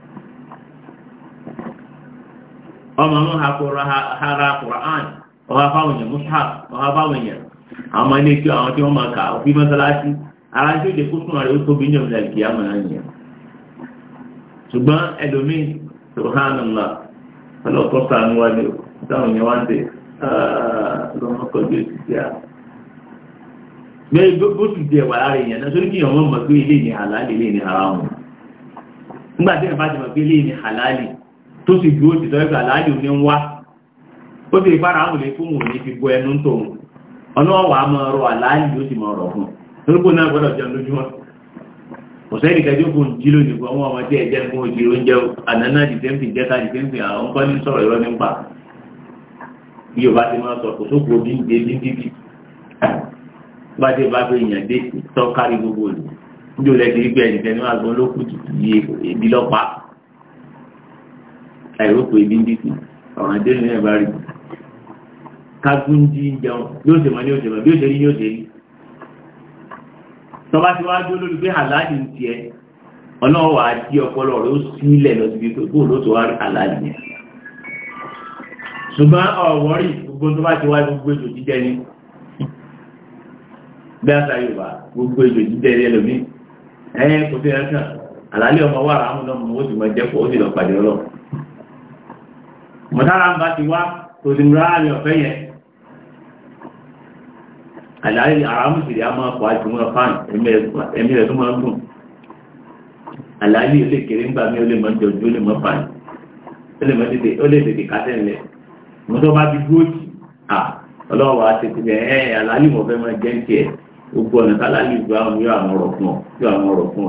[SPEAKER 2] ọmọ mú hara Quran ọha fáwọn èèyàn mushaf ọha fáwọn èèyàn àwọn ilé tí àwọn tí wọ́n máa kà òfin mọ́sálásí ara tí ó lè kó fún ààrẹ ó tóbi ní ọ̀nà ìkìyà mọ̀ náà nìyẹn ṣùgbọ́n ẹlòmíì subhanallah ọlọ́kọ́ sànú wa ni táwọn èèyàn wá ń tẹ̀ lọ́mọ kọjú èsì sí à. bẹ́ẹ̀ bó ti di ẹ̀wà lára èèyàn náà sórí kí èèyàn wọ́n mọ̀ pé ilé ní halali ilé ní haramu nígbà tí èèyàn bá ti mọ̀ pé ilé ní halali tó sì dúró ti tọ́jú aláàjò ní ń wá ó ti fara àwọn olè fún òní fi bo ẹnu tóun ọlọ́wọ́ àmọ́ ọrọ̀ aláàjò ó sì mọ ọrọ̀ fún orúkọ náà gbọ́dọ̀ jẹun lójúmọ́ kò sẹ́ni kẹjọ fún jí lónìí fún ọmọ ọmọdé ẹ̀jẹ̀ fún oṣù oúnjẹ ànánà dìtẹ́ǹfì jẹ́ta dìtẹ́ǹfì àwọn kan ní sọ̀rọ̀ ìrọ́ nípa bí o bá ti máa sọ kò sóko omi ń dé ní bíbí bá dé bá fẹ́ yàn dé tọ́ kárí gbogbo olù ń jò lẹ́sìn gbé ẹ̀jẹ̀ ní àgbọn lókùtù yìí ìbílọ́pàá àìrókò ibi ń bísí ọ̀ràn délé náà bá rí kágúnjí jẹun yóò ṣe mọ ní òṣèlú bí òṣèlú ní òṣèlú tọ́ba ti wá dúró lórí pé àláàdì ń tiẹ̀ ọlọ́run wàá di ọpọlọ rẹ ó sílẹ̀ lọ síbi pé bóòlù ó ti wá àláàdì yẹn ṣùgbọ́n ọ̀wọ́rì gbogbo tó bá ti wá gbogbo ètò jíjẹ ni bí àṣà yorùbá gbogbo ètò jíjẹ ni ẹlòmíì ẹ̀yìn kò sí ẹ̀kan àlàálẹ̀ ọmọ wàrà àwọn ọmọ wọn ó sì mọ jẹ́pọ̀ ó sì lọ pàdé ọlọ́run mọ̀tára ń bá ti wá tó ti múra rẹ̀ ọ̀fẹ́ yẹn àlàyé àràmù ìrìn àmọ́ ọkọ̀ àti mọ́ fáàn ẹ̀mí rẹ̀ tó máa ń gùn àlàyé ilé kéré ńgbà mí ó lè mọ́ jọjú ó lè mọ́ fáàn ó lè mọ́ tètè ó lè tètè kásẹ̀ ńlẹ̀ mọ́tọ́ bá ti dúró jì à ọlọ́wọ́ àti ti bẹ̀ ẹ́ àlàyé mọ̀ fẹ́ máa jẹ́ ń tiẹ̀ gbogbo ọ̀nà tálálì ju àwọn yóò àwọn ọ̀rọ̀ fún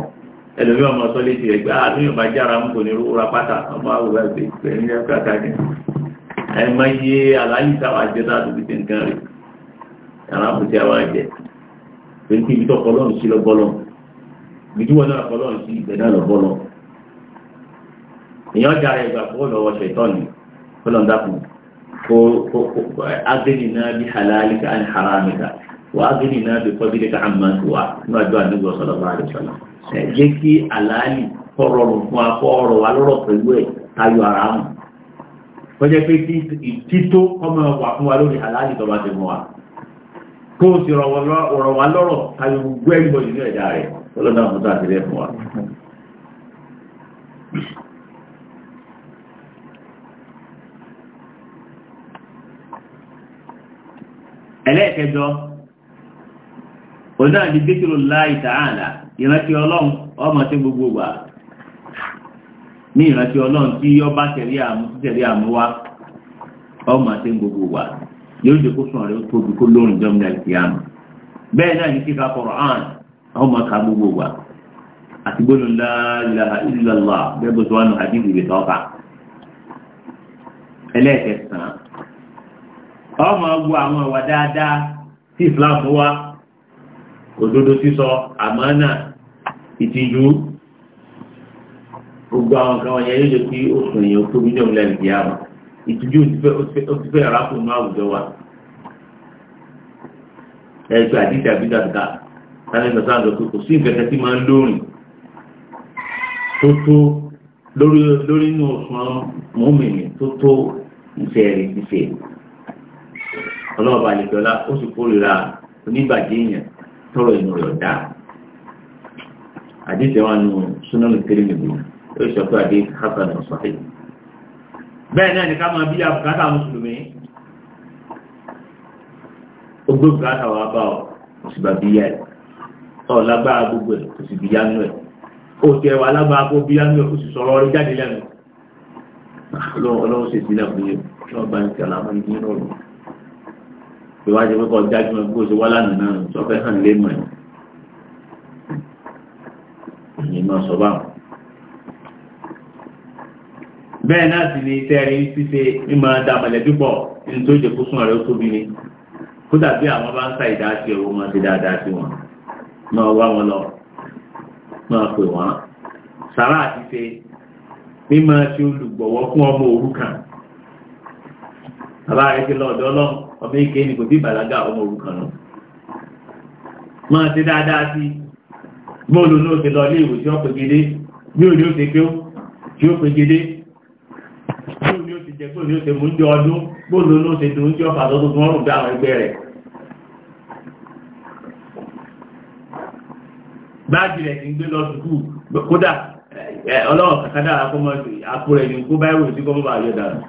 [SPEAKER 2] ọ ẹlòmí ọmọ sọ létí ẹgbẹ́ àtúnyàn bá jára mú kò ní rúra pátá ọmọ àwòrán ẹgbẹ́ ìgbẹ́ ní ẹgbẹ́ àtàkì ẹmọ iye aláyí táwa jẹ láti fi ṣe nǹkan rẹ̀ aláàbòsí àwọn àjẹ pé kí ibi tó kọ lọ́run sí lọ bọ́lọ̀ ibi wọn náà kọ lọ́run sí ibẹ̀ náà lọ bọ́lọ̀ èèyàn jára ẹgbà fún ọlọ́wọ́ ṣẹ̀tọ́ni fọlọ́ndàkùn kó ẹ jẹ́ kí àlàálì kọ̀rọ̀ rò fún akọ́ ọ̀rọ̀ wa lọ́rọ̀ pẹ̀lú ẹ̀ tayọ ara mu kọjá pé tító ọmọ wà fún wa lórí àlàálì tó bá ti mú wa kó o sì rọ̀ wá lọ́rọ̀ tayọ gbogbo ẹgbẹ́ ìlú ẹ̀dá rẹ̀ ọlọ́dà àmọ́tà àti rẹ̀ fún wa. ẹlẹ́ẹ̀kẹjọ òun náà ni bíkìrù láì tààlà ìrántí ọlọ́run ọmọ tí gbogbo wà ní ìrántí ọlọ́run tí ọba tẹ̀lé àmú tẹ̀lé àmú wá ọmọ tí gbogbo wà yóò jẹ́ kó sùn rẹ̀ tóbi kó lórin jọ́ nígbà tí a mọ̀ bẹ́ẹ̀ náà ní kíka Kùránì ọmọ ká gbogbo wà àti gbónú la ilaha illallah bẹ́ẹ̀ bó ti wà nù àdìgbì ìbí tọ́ka ẹlẹ́ẹ̀kẹsàn-án ọmọ gbọ́ àwọn ìwà dáadáa tí Islam wá òdodo sísọ àmánà ìtìjú gbogbo àwọn kan wọ̀nyẹn yóò jẹ́ kí oṣù èèyàn tó bí jọ̀ọ́ lẹ́nu ìyá wa ìtìjú ó ti fẹ́ arákùnrin àwùjọ wa ẹgbẹ́ àdìsí àbídàdà sáré lọ sáà lọ pé kò sí ìfẹ́kẹ́ tí máa ń lórin tó tó lórí lórí inú òṣùwọ̀n mọ́mìnì tó tó ìfẹ́ rẹ̀ ìfẹ́ ọlọ́ọ̀bà àlejò ọlá ó sì kórìíra oníbàjẹ́ èèyàn tọrọ inú rẹ̀ dá àdìsẹ́ wa nù súnmọ́ kiri nìbò ó sọ pé àdé hasan ọ̀sọ́fẹ́ bẹ́ẹ̀ náà ní ká máa bí abùkátà mùsùlùmí ogbó bùkátà wa bá ọ oṣù bàbí yá ẹ ọ lágbára gbogbo ẹ oṣù bìyà nù ẹ ó tẹ wà lágbára kó bìyà nù ẹ oṣù sọ̀rọ̀ ọ̀rẹ́ jáde lẹ́nu ọlọ́run ṣèṣin náà fún yẹn ọlọ́run bá ń ṣe àlàmọ́ ìdí náà lọ ìwádìí pé kọ́ dájú mọ́ bó ṣe wá lánàá náà sọ́fẹ́ hàn lé mọ̀ ẹ́ ìyẹn máa sọ báwọn. bẹ́ẹ̀ náà sì ni tẹ́rí ṣíṣe mímọ da mọ̀lẹ́bí pọ̀ ní tó jẹ́ kókún rẹ̀ ó tóbi ni kó dàbí àwọn bá ń sa ìdá sí owó máa ṣe dáadáa sí wọn máa wá wọn lọ máa pè wọ́n sàrà àti ṣe mímọ ṣe olùgbọ̀wọ́ fún ọmọ òrukàn bàbá rẹ̀ ti lọ ọ̀dọ́ ọlọ́run ọmọ ike ni kò tí bàlágà ọmọ òrukàn náà máa ti dáadáa sí bóòlù náà ti lọ ilé ìwé tí ó pegedé bí òní ó ti pé ó tí ó pegedé bí òní ó ti jẹ bóòlù ó ti mú jọ ọdún bóòlù náà ti dùn jọ fàtó tuntun ọrùn bí àwọn ẹgbẹ́ rẹ̀ báàgì rẹ̀ ti ń gbé lọ bá yọ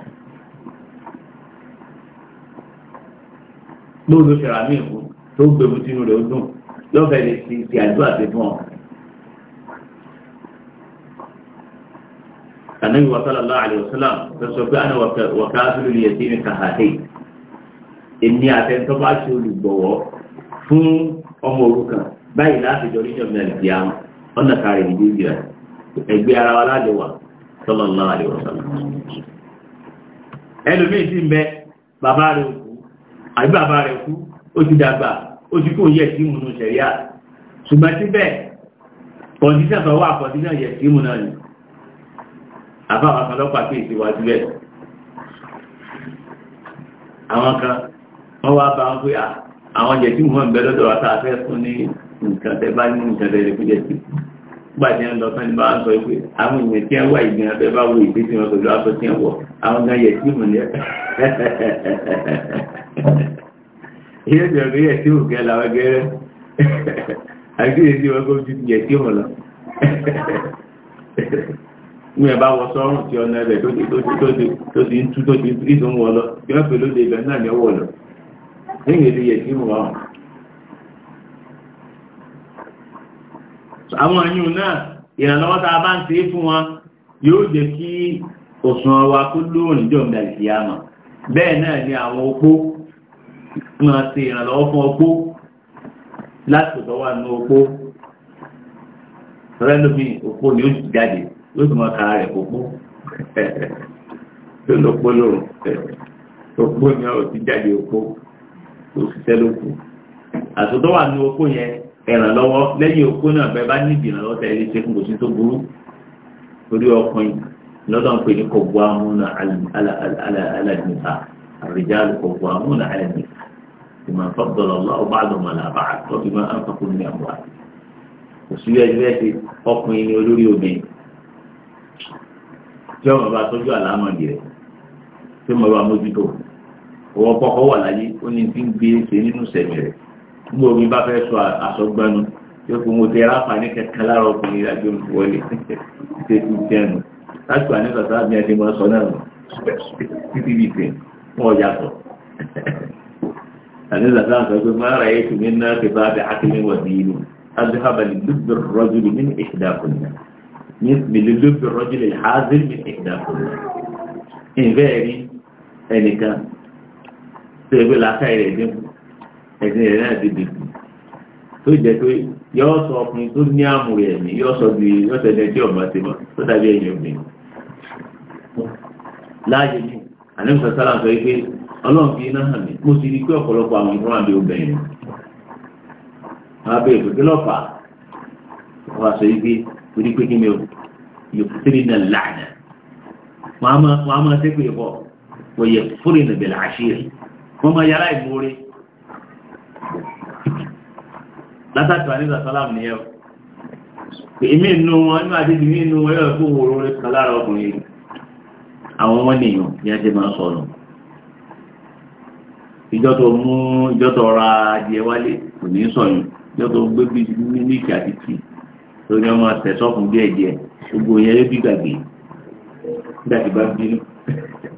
[SPEAKER 2] lóòlù ṣẹ̀rà mí ìfún tó gbèbú sínú rẹ̀ ó dùn lọ́fẹ̀ẹ́ lè ti ti àdúrà sí fún ọ. Ànábì wa sallallahu alaihi wasallam tó sọ pé àná wọ̀ká sílù ní ẹ̀sìn ní kàhàtì. Èmi àtẹ̀ntọ́ bá ṣe olùgbọ̀wọ́ fún ọmọ òrukàn báyìí láti jọ níjọ́ mi àti àwọn ọ̀nà kárẹ̀ ní bíbí rẹ̀ ẹgbẹ́ ara wa lájọ wà sallallahu alaihi wasallam. Ẹlòmíì sì ń bẹ bàbá rẹ̀ òkú àbí bàbá rẹ̀ kú ó ti dàgbà ó ti kó yẹ sí ìmúnú sẹ̀ríà ṣùgbọ́n síbẹ̀ kọ̀ǹdíṣàn tó wà kọ̀ǹdíṣàn yẹ sí ìmúnú ni àbá àwọn kan lọ́pàá pé ìsìnwá síbẹ̀ àwọn kan wọ́n wá bá wọn pé àwọn jẹ̀ sí ìmúnú ìbẹ́ lọ́dọ̀ wa tá a fẹ́ fún ní nǹkan tẹ́ bá ní nǹkan tẹ́ lè kú jẹ̀ sí ìmúnú gbàdé ń lọ sani ń sọ pé àwọn èèyàn tí ń wá ìgbìyàn abẹ bá wo ìgbésí wọn pẹ̀lú aṣọ tí ń wọ àwọn gan yẹ tí mò ń yẹ ilé ìjọba ìgbé yẹ tí mò ń kẹ làwọn gẹrẹ àgbéyè tí wọn kó ju yẹ tí mò ń lọ ní ẹ̀bá wọ sọ́rùn tí ọ̀nà ẹ̀bẹ̀ tó ti ń tú tó ti ń wọ lọ tí wọ́n pè lóde ibẹ̀ náà ní ọwọ́ lọ àwọn ẹ̀yìn náà ìrànlọ́wọ́ tá a bá ń ṣe é fún wọn yóò jẹ́ kí òṣùwọ̀n wa kó lóòrìn jọ ìdàlẹ̀ sí bẹ́ẹ̀ náà ni àwọn opó máa ṣe ìrànlọ́wọ́ fún opó láti ọ̀dọ̀ wà ní opó rẹ́lómi opó ni ó jáde yóò sì máa kàá ni ó ti jáde opó tó ṣiṣẹ́ lókun ẹ̀rànlọ́wọ́ lẹ́yìn okó náà bẹ́ẹ̀ bá níbi ìrànlọ́wọ́ tẹ̀lé ṣe fún kòsí tó burú
[SPEAKER 1] orí ọkùnrin
[SPEAKER 2] lọ́dọ̀ ń pè ní kọ̀bù amúnà alàdìmíta àrìjáàlù kọ̀bù amúnà alàdìmíta ìmọ̀ fọ́bọ̀lọ̀ ọba àdọ̀mọ̀lá àbá àtọ́bí máa ń fọ́kùn ní àbúrò àti òsì bí ẹgbẹ́ ti ọkùnrin ní olórí obìnrin tí ọmọ bá tọ́jú àlámọ̀dì rẹ̀ tí ọmọ bá mójútó owó pọ́kọ́ wà láyé ó ní ti ń gbé ṣe nínú sẹ̀mí gbogbo omi bá fẹ́ sọ àsọgbanu yóò fún mo tẹ ráfàní kẹkẹ lára ọkùnrin àjọ ìwọlé ṣe ti jẹnu láti wà ní sọ̀tà àbí ẹni mọ̀ sọ náà títí bíi tẹ̀ wọ́n ọjà sọ. àti sọ̀tà sọ pé má ra ètò mi náà ti bá bẹ akéwì wọ̀ sí inú adé habali lóbi rọ́jú mi ní ìṣẹ̀dá kùn náà ní ìsìnlẹ̀ lóbi rọ́jú lè házìl ní ìṣẹ̀dá kùn náà. ìfẹ́ rí ẹnìkan tó ẹgbẹ́ làákàyè rẹ̀ dínkù ẹ̀sìn rẹ̀ náà ti dìbò tó jẹ́ pé yọ sọ ọkùnrin tó ní àmúrè ẹ̀mí yọ sọ di yọ sọ tí ọmọ ti mọ tó dàbí ẹ̀yìn obìnrin láàyè mi àlẹ́ sọ́sálà sọ pé ọlọ́run fi iná hàn mí mo sì rí pé ọ̀pọ̀lọpọ̀ àwọn ìfọ́nrán àbí obìnrin abẹ́ ìfòkè lọ́fà wọ́n sọ o. orí pé kí ni yòkútìrì náà lànà wọ́n á máa tẹ́kọ̀ọ́ yẹ fúrin àṣírí wọ́n máa yára ìmúre látàkì wà ní ìsàsálàmù ni ẹ̀rọ èmi inú wọn nínú àdébí ní inú wọn yóò fún òwúrò rẹ kan lára ọkùnrin yìí àwọn wọn nìyàn ní ẹsẹ máa sọ nù ìjọ tó mú ìjọ tó ra adìẹ wálé kò ní sọyún ìjọ tó gbé bí mílíkì àti tì lórí ọmọ tẹsán fún díẹ̀ díẹ̀ gbogbo yẹn ló bí gbàgbé nígbà tí bá ń bínú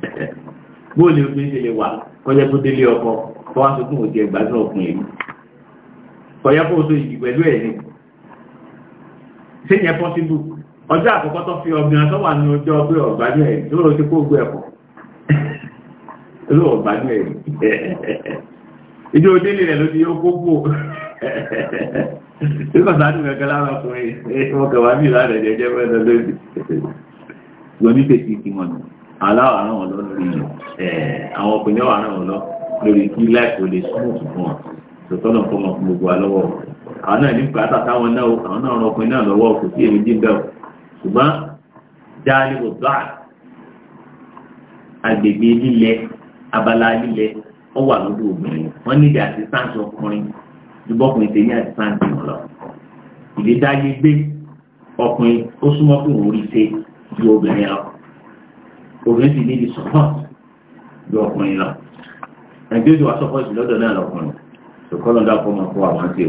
[SPEAKER 2] bóòlù òfin ṣe lè wà kọjá tó délé ọkọ kọwá tó kún òjì ẹgbàá ọkùnrin yìí tọ̀yẹ́ kó so ìdì pẹ̀lú ẹ̀ ní ṣe yẹ pọ́síbù ọjọ́ àkọ́kọ́ tó fi ọgbìn tó wà ní ọjọ́ pé ọ̀gbájú ẹ̀ tó lọ sí kó gbé ẹ̀kọ́ ló ọ̀gbájú ẹ̀ ìjọ délé rẹ̀ ló ti yóò kó gbò tí kò sáà nìkan lára ọkùnrin wọn kà wá bí ìlànà ẹ̀jẹ̀ jẹ́ fẹ́ lọ lórí lóní tètè ti mọ̀nà aláwọ̀ àrùn ọ̀lọ́ lórí àwọn ọkùnrin wà àrùn ọ̀lọ́ lórí kí láìpẹ́ lè súnmọ̀ fún wọn tòtọ́lọ̀ kọ́ mọ̀ gbogbo wa lọ́wọ́ àwọn náà ní bùkátà táwọn náà àwọn náà ọkùnrin náà lọ́wọ́ kò sí èmi dín bẹ́ẹ̀ ṣùgbọ́n dáálí kò dọ́ àgbègbè lílẹ̀ abala lílẹ̀ ọ wà lójú obìnrin wọ́n ní ìdí àti sáǹsì ọkùnrin ìbọ́kùnrin tèmi àti sáǹsì lọ ìdídáyé gbé ọkùnrin ó súnmọ́ fún orí ṣe ju obìnrin lọ obìnrin sì ní ìdí sọ́pọ̀ ju ọkùnrin lọ ẹgbẹ́ òjò wà sọ́pọ̀ sí lọ́dọ̀ náà lọkùnrin sọkọlọ dà kọ́ máa kó àwọn àti o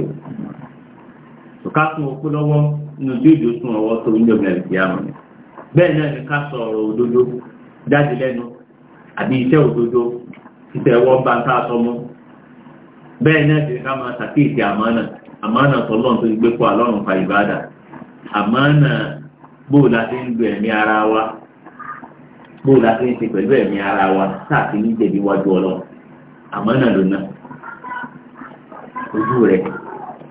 [SPEAKER 2] sọká tún okú lọ́wọ́ nínú bí òjò tún ọwọ́ tó ń dẹ̀gbẹ̀ ẹ̀sì àmọ̀ ni bẹ́ẹ̀ náà ni ká sọ ọ̀rọ̀ òdodo jáde lẹ́nu àbí iṣẹ́ òdodo títẹ̀ ẹwọ́ bá ń ká sọ mọ́ bẹ́ẹ̀ náà sì ká máa ṣàkíyèsí àmánà àmánà tọ́lọ́n tó gbé kó àlọ́run fa ìbádà àmánà bóò la ń lo ẹ̀mí ara wa bóò la ń ṣe pẹ̀lú ẹ̀mí ara wa ojú rẹ̀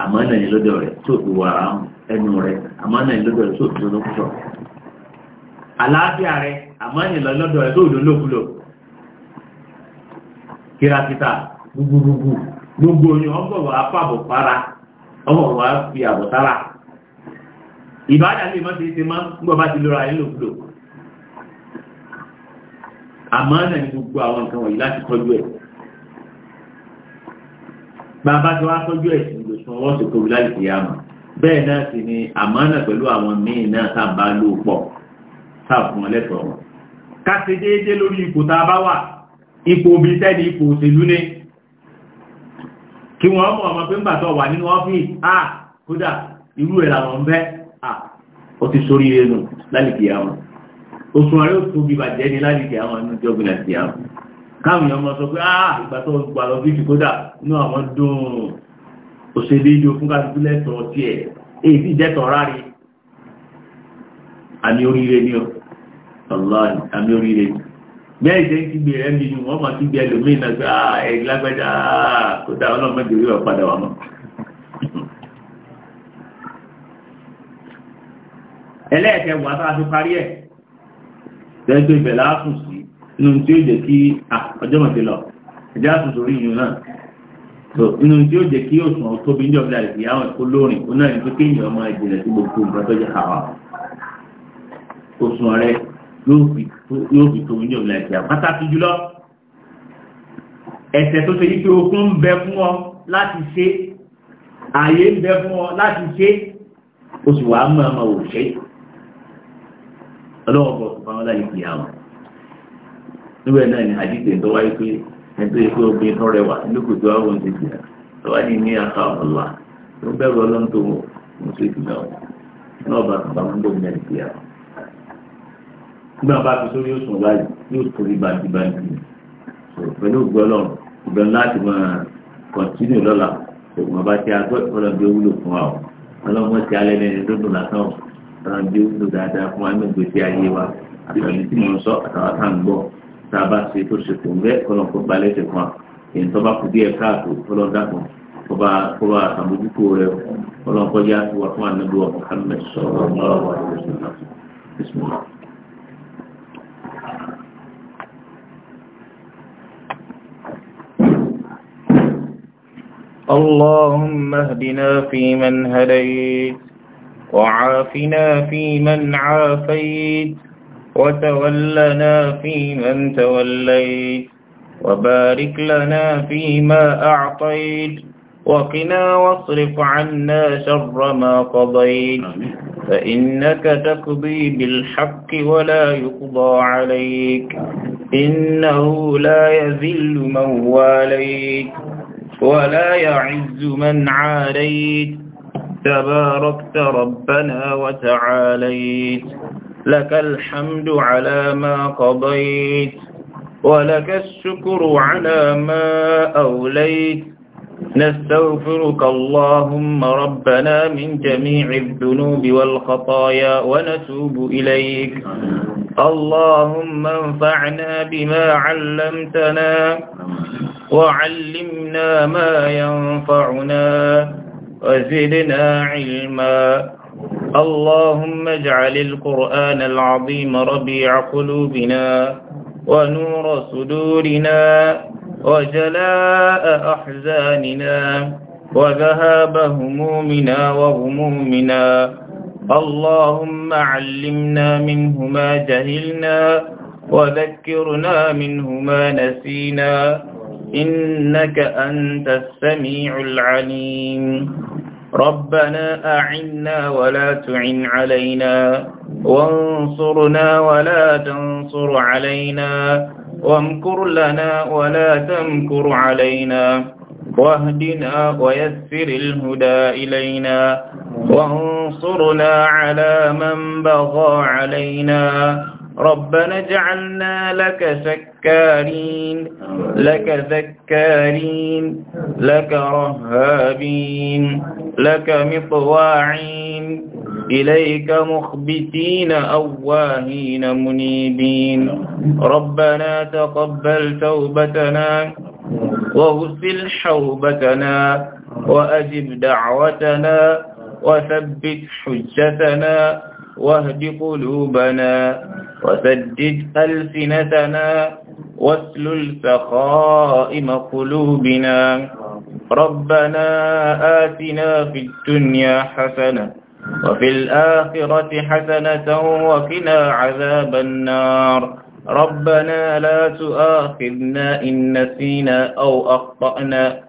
[SPEAKER 2] àmọ́ náà ní lọ́dọ̀ rẹ̀ tó ìwà wà ẹnu rẹ̀ àmọ́ náà ní lọ́dọ̀ rẹ̀ tó fi lọ́dọ̀ rẹ̀ àmọ́ lọ́dọ̀ rẹ̀ tó dùn lókulò gbogbogbò gbogbo para fi lè ti bá ti lóra àmọ́ náà gbogbo àwọn nǹkan wọ̀nyí láti tọ́jú ẹ̀ bàbá tí wọ́n tọ́jú ẹ̀sìn lòsùn wọ́n sì tóbi láì fi àmọ́ bẹ́ẹ̀ náà sì ni àmánà pẹ̀lú àwọn míì náà sábà ló pọ̀ sáàfún ọlẹ́tọ̀ọ́ wọn. ká ṣe déédéé lórí ipò tá a bá wà ipò omi sẹ́ni ipò òṣèlú ni kí wọ́n mọ̀ ọmọ pé ń bàtọ̀ wà nínú ọ́fíìsì à kódà irú ẹ̀ làwọn ń bẹ́ à ó ti sórí ẹnu lálìkì àwọn òṣùwọ̀n rẹ̀ ó tóbi bàjẹ́ ni lálìkì àwọn ẹnu jọ́gbìn àti àwọn káwọn èèyàn mọ́ sọ pé ah ìgbà tó gbà lọ bí kìkódà inú àwọn dùn òṣèlú ìjọ fún kásìtúlẹ̀ tọ̀ tí ẹ̀ èyí sì jẹ́tọ̀ ráre àmì oríire ni ọ ọlọ́ọ̀ni àmì oríire ni bẹ́ẹ̀ ṣe ń kígbe rẹ̀ mi wọ́n máa kígbe ẹlòmíì náà pé ah ẹ̀yìn lágbájá kó dá ọlọ́mọdé rí ọ̀padà wà mọ́ ẹlẹ́ẹ̀kẹ́ wà tá a fi parí ẹ̀ tẹ́gbẹ́ ìbẹ̀lá fún sí inú tí ó jẹ́ kí ọjọ́ mọ̀tí lọ ẹjá tuntun rí ìyún náà so inú tí ó jẹ́ kí òṣùwọ̀n tóbi ní ọ̀gbìn àti ìyáwó ẹ̀kọ́ lórin ó náà ní pé kéèyàn ọmọ ìjìnlẹ̀ tí gbogbo nǹkan tó jẹ́ àwa òṣùwọ̀n rẹ yóò fi tóbi ní ọ̀gbìn àti ìyáwó pàtàkì jùlọ ẹ̀ṣẹ̀ tó ṣe yí pé okun ń bẹ fún ọ láti ṣe ààyè ń bẹ fún ọ láti ṣe oṣù wàá mọ̀ ọmọ òṣèlú ọlọ́wọ́ bọ̀ fún ọ láyé ìyáwó níbẹ̀ náà ni àdìsẹ̀ tó wáyé pé ẹ̀tọ́ ikú obìnrin tó rẹwà lókè tó àwọn ti jìnà tó wá ní ní àká ọ̀la tó bẹ̀rù ọlọ́run tó mú sí ìdìbò náà bá tó bá mú bò ní ẹ̀dìyà. nígbà bá fi sórí òsùn báyìí yóò torí bàjìbàjì pẹ̀lú ògbó ọlọ́run ìbẹ̀rù láti máa kọ̀ntínú lọ́la ṣùgbọ́n bá ti agbẹ́ ọlọ́run bí ó wúlò fún tá a bá ṣe tó ṣe kò ń bẹ́ kọ́lọ́n kó balẹ̀ ṣe kan èyí tó bá kú díẹ̀ káàtó kọ́lọ́n dàgbọ́n kọba kọba àmójútó rẹ kọ́lọ́n kọjá wà fún ànágbéwà Muhammad sọ̀rọ̀ ọ̀rọ̀ bismillah.
[SPEAKER 1] اللهم اهدنا فيمن هديت وعافنا فيمن عافيت وتولنا فيمن توليت وبارك لنا فيما أعطيت وقنا واصرف عنا شر ما قضيت فإنك تقضي بالحق ولا يقضى عليك إنه لا يذل من واليت ولا يعز من عاليت تباركت ربنا وتعاليت لك الحمد على ما قضيت ولك الشكر على ما أوليت نستغفرك اللهم ربنا من جميع الذنوب والخطايا ونتوب إليك اللهم انفعنا بما علمتنا وعلمنا ما ينفعنا وزدنا علما اللهم اجعل القرآن العظيم ربيع قلوبنا ونور صدورنا وجلاء أحزاننا وذهاب همومنا وغمومنا اللهم علمنا منه ما جهلنا وذكرنا منه ما نسينا إنك أنت السميع العليم ربنا أعنا ولا تعن علينا وانصرنا ولا تنصر علينا وامكر لنا ولا تمكر علينا واهدنا ويسر الهدى إلينا وانصرنا على من بغى علينا ربنا اجعلنا لك سكارين لك ذكارين لك رهابين لك مطواعين إليك مخبتين أواهين منيبين ربنا تقبل توبتنا وغسل حوبتنا وأجب دعوتنا وثبت حجتنا واهد قلوبنا وسدد ألسنتنا واسلل سخائم قلوبنا ربنا آتنا في الدنيا حسنة وفي الآخرة حسنة وقنا عذاب النار ربنا لا تؤاخذنا إن نسينا أو أخطأنا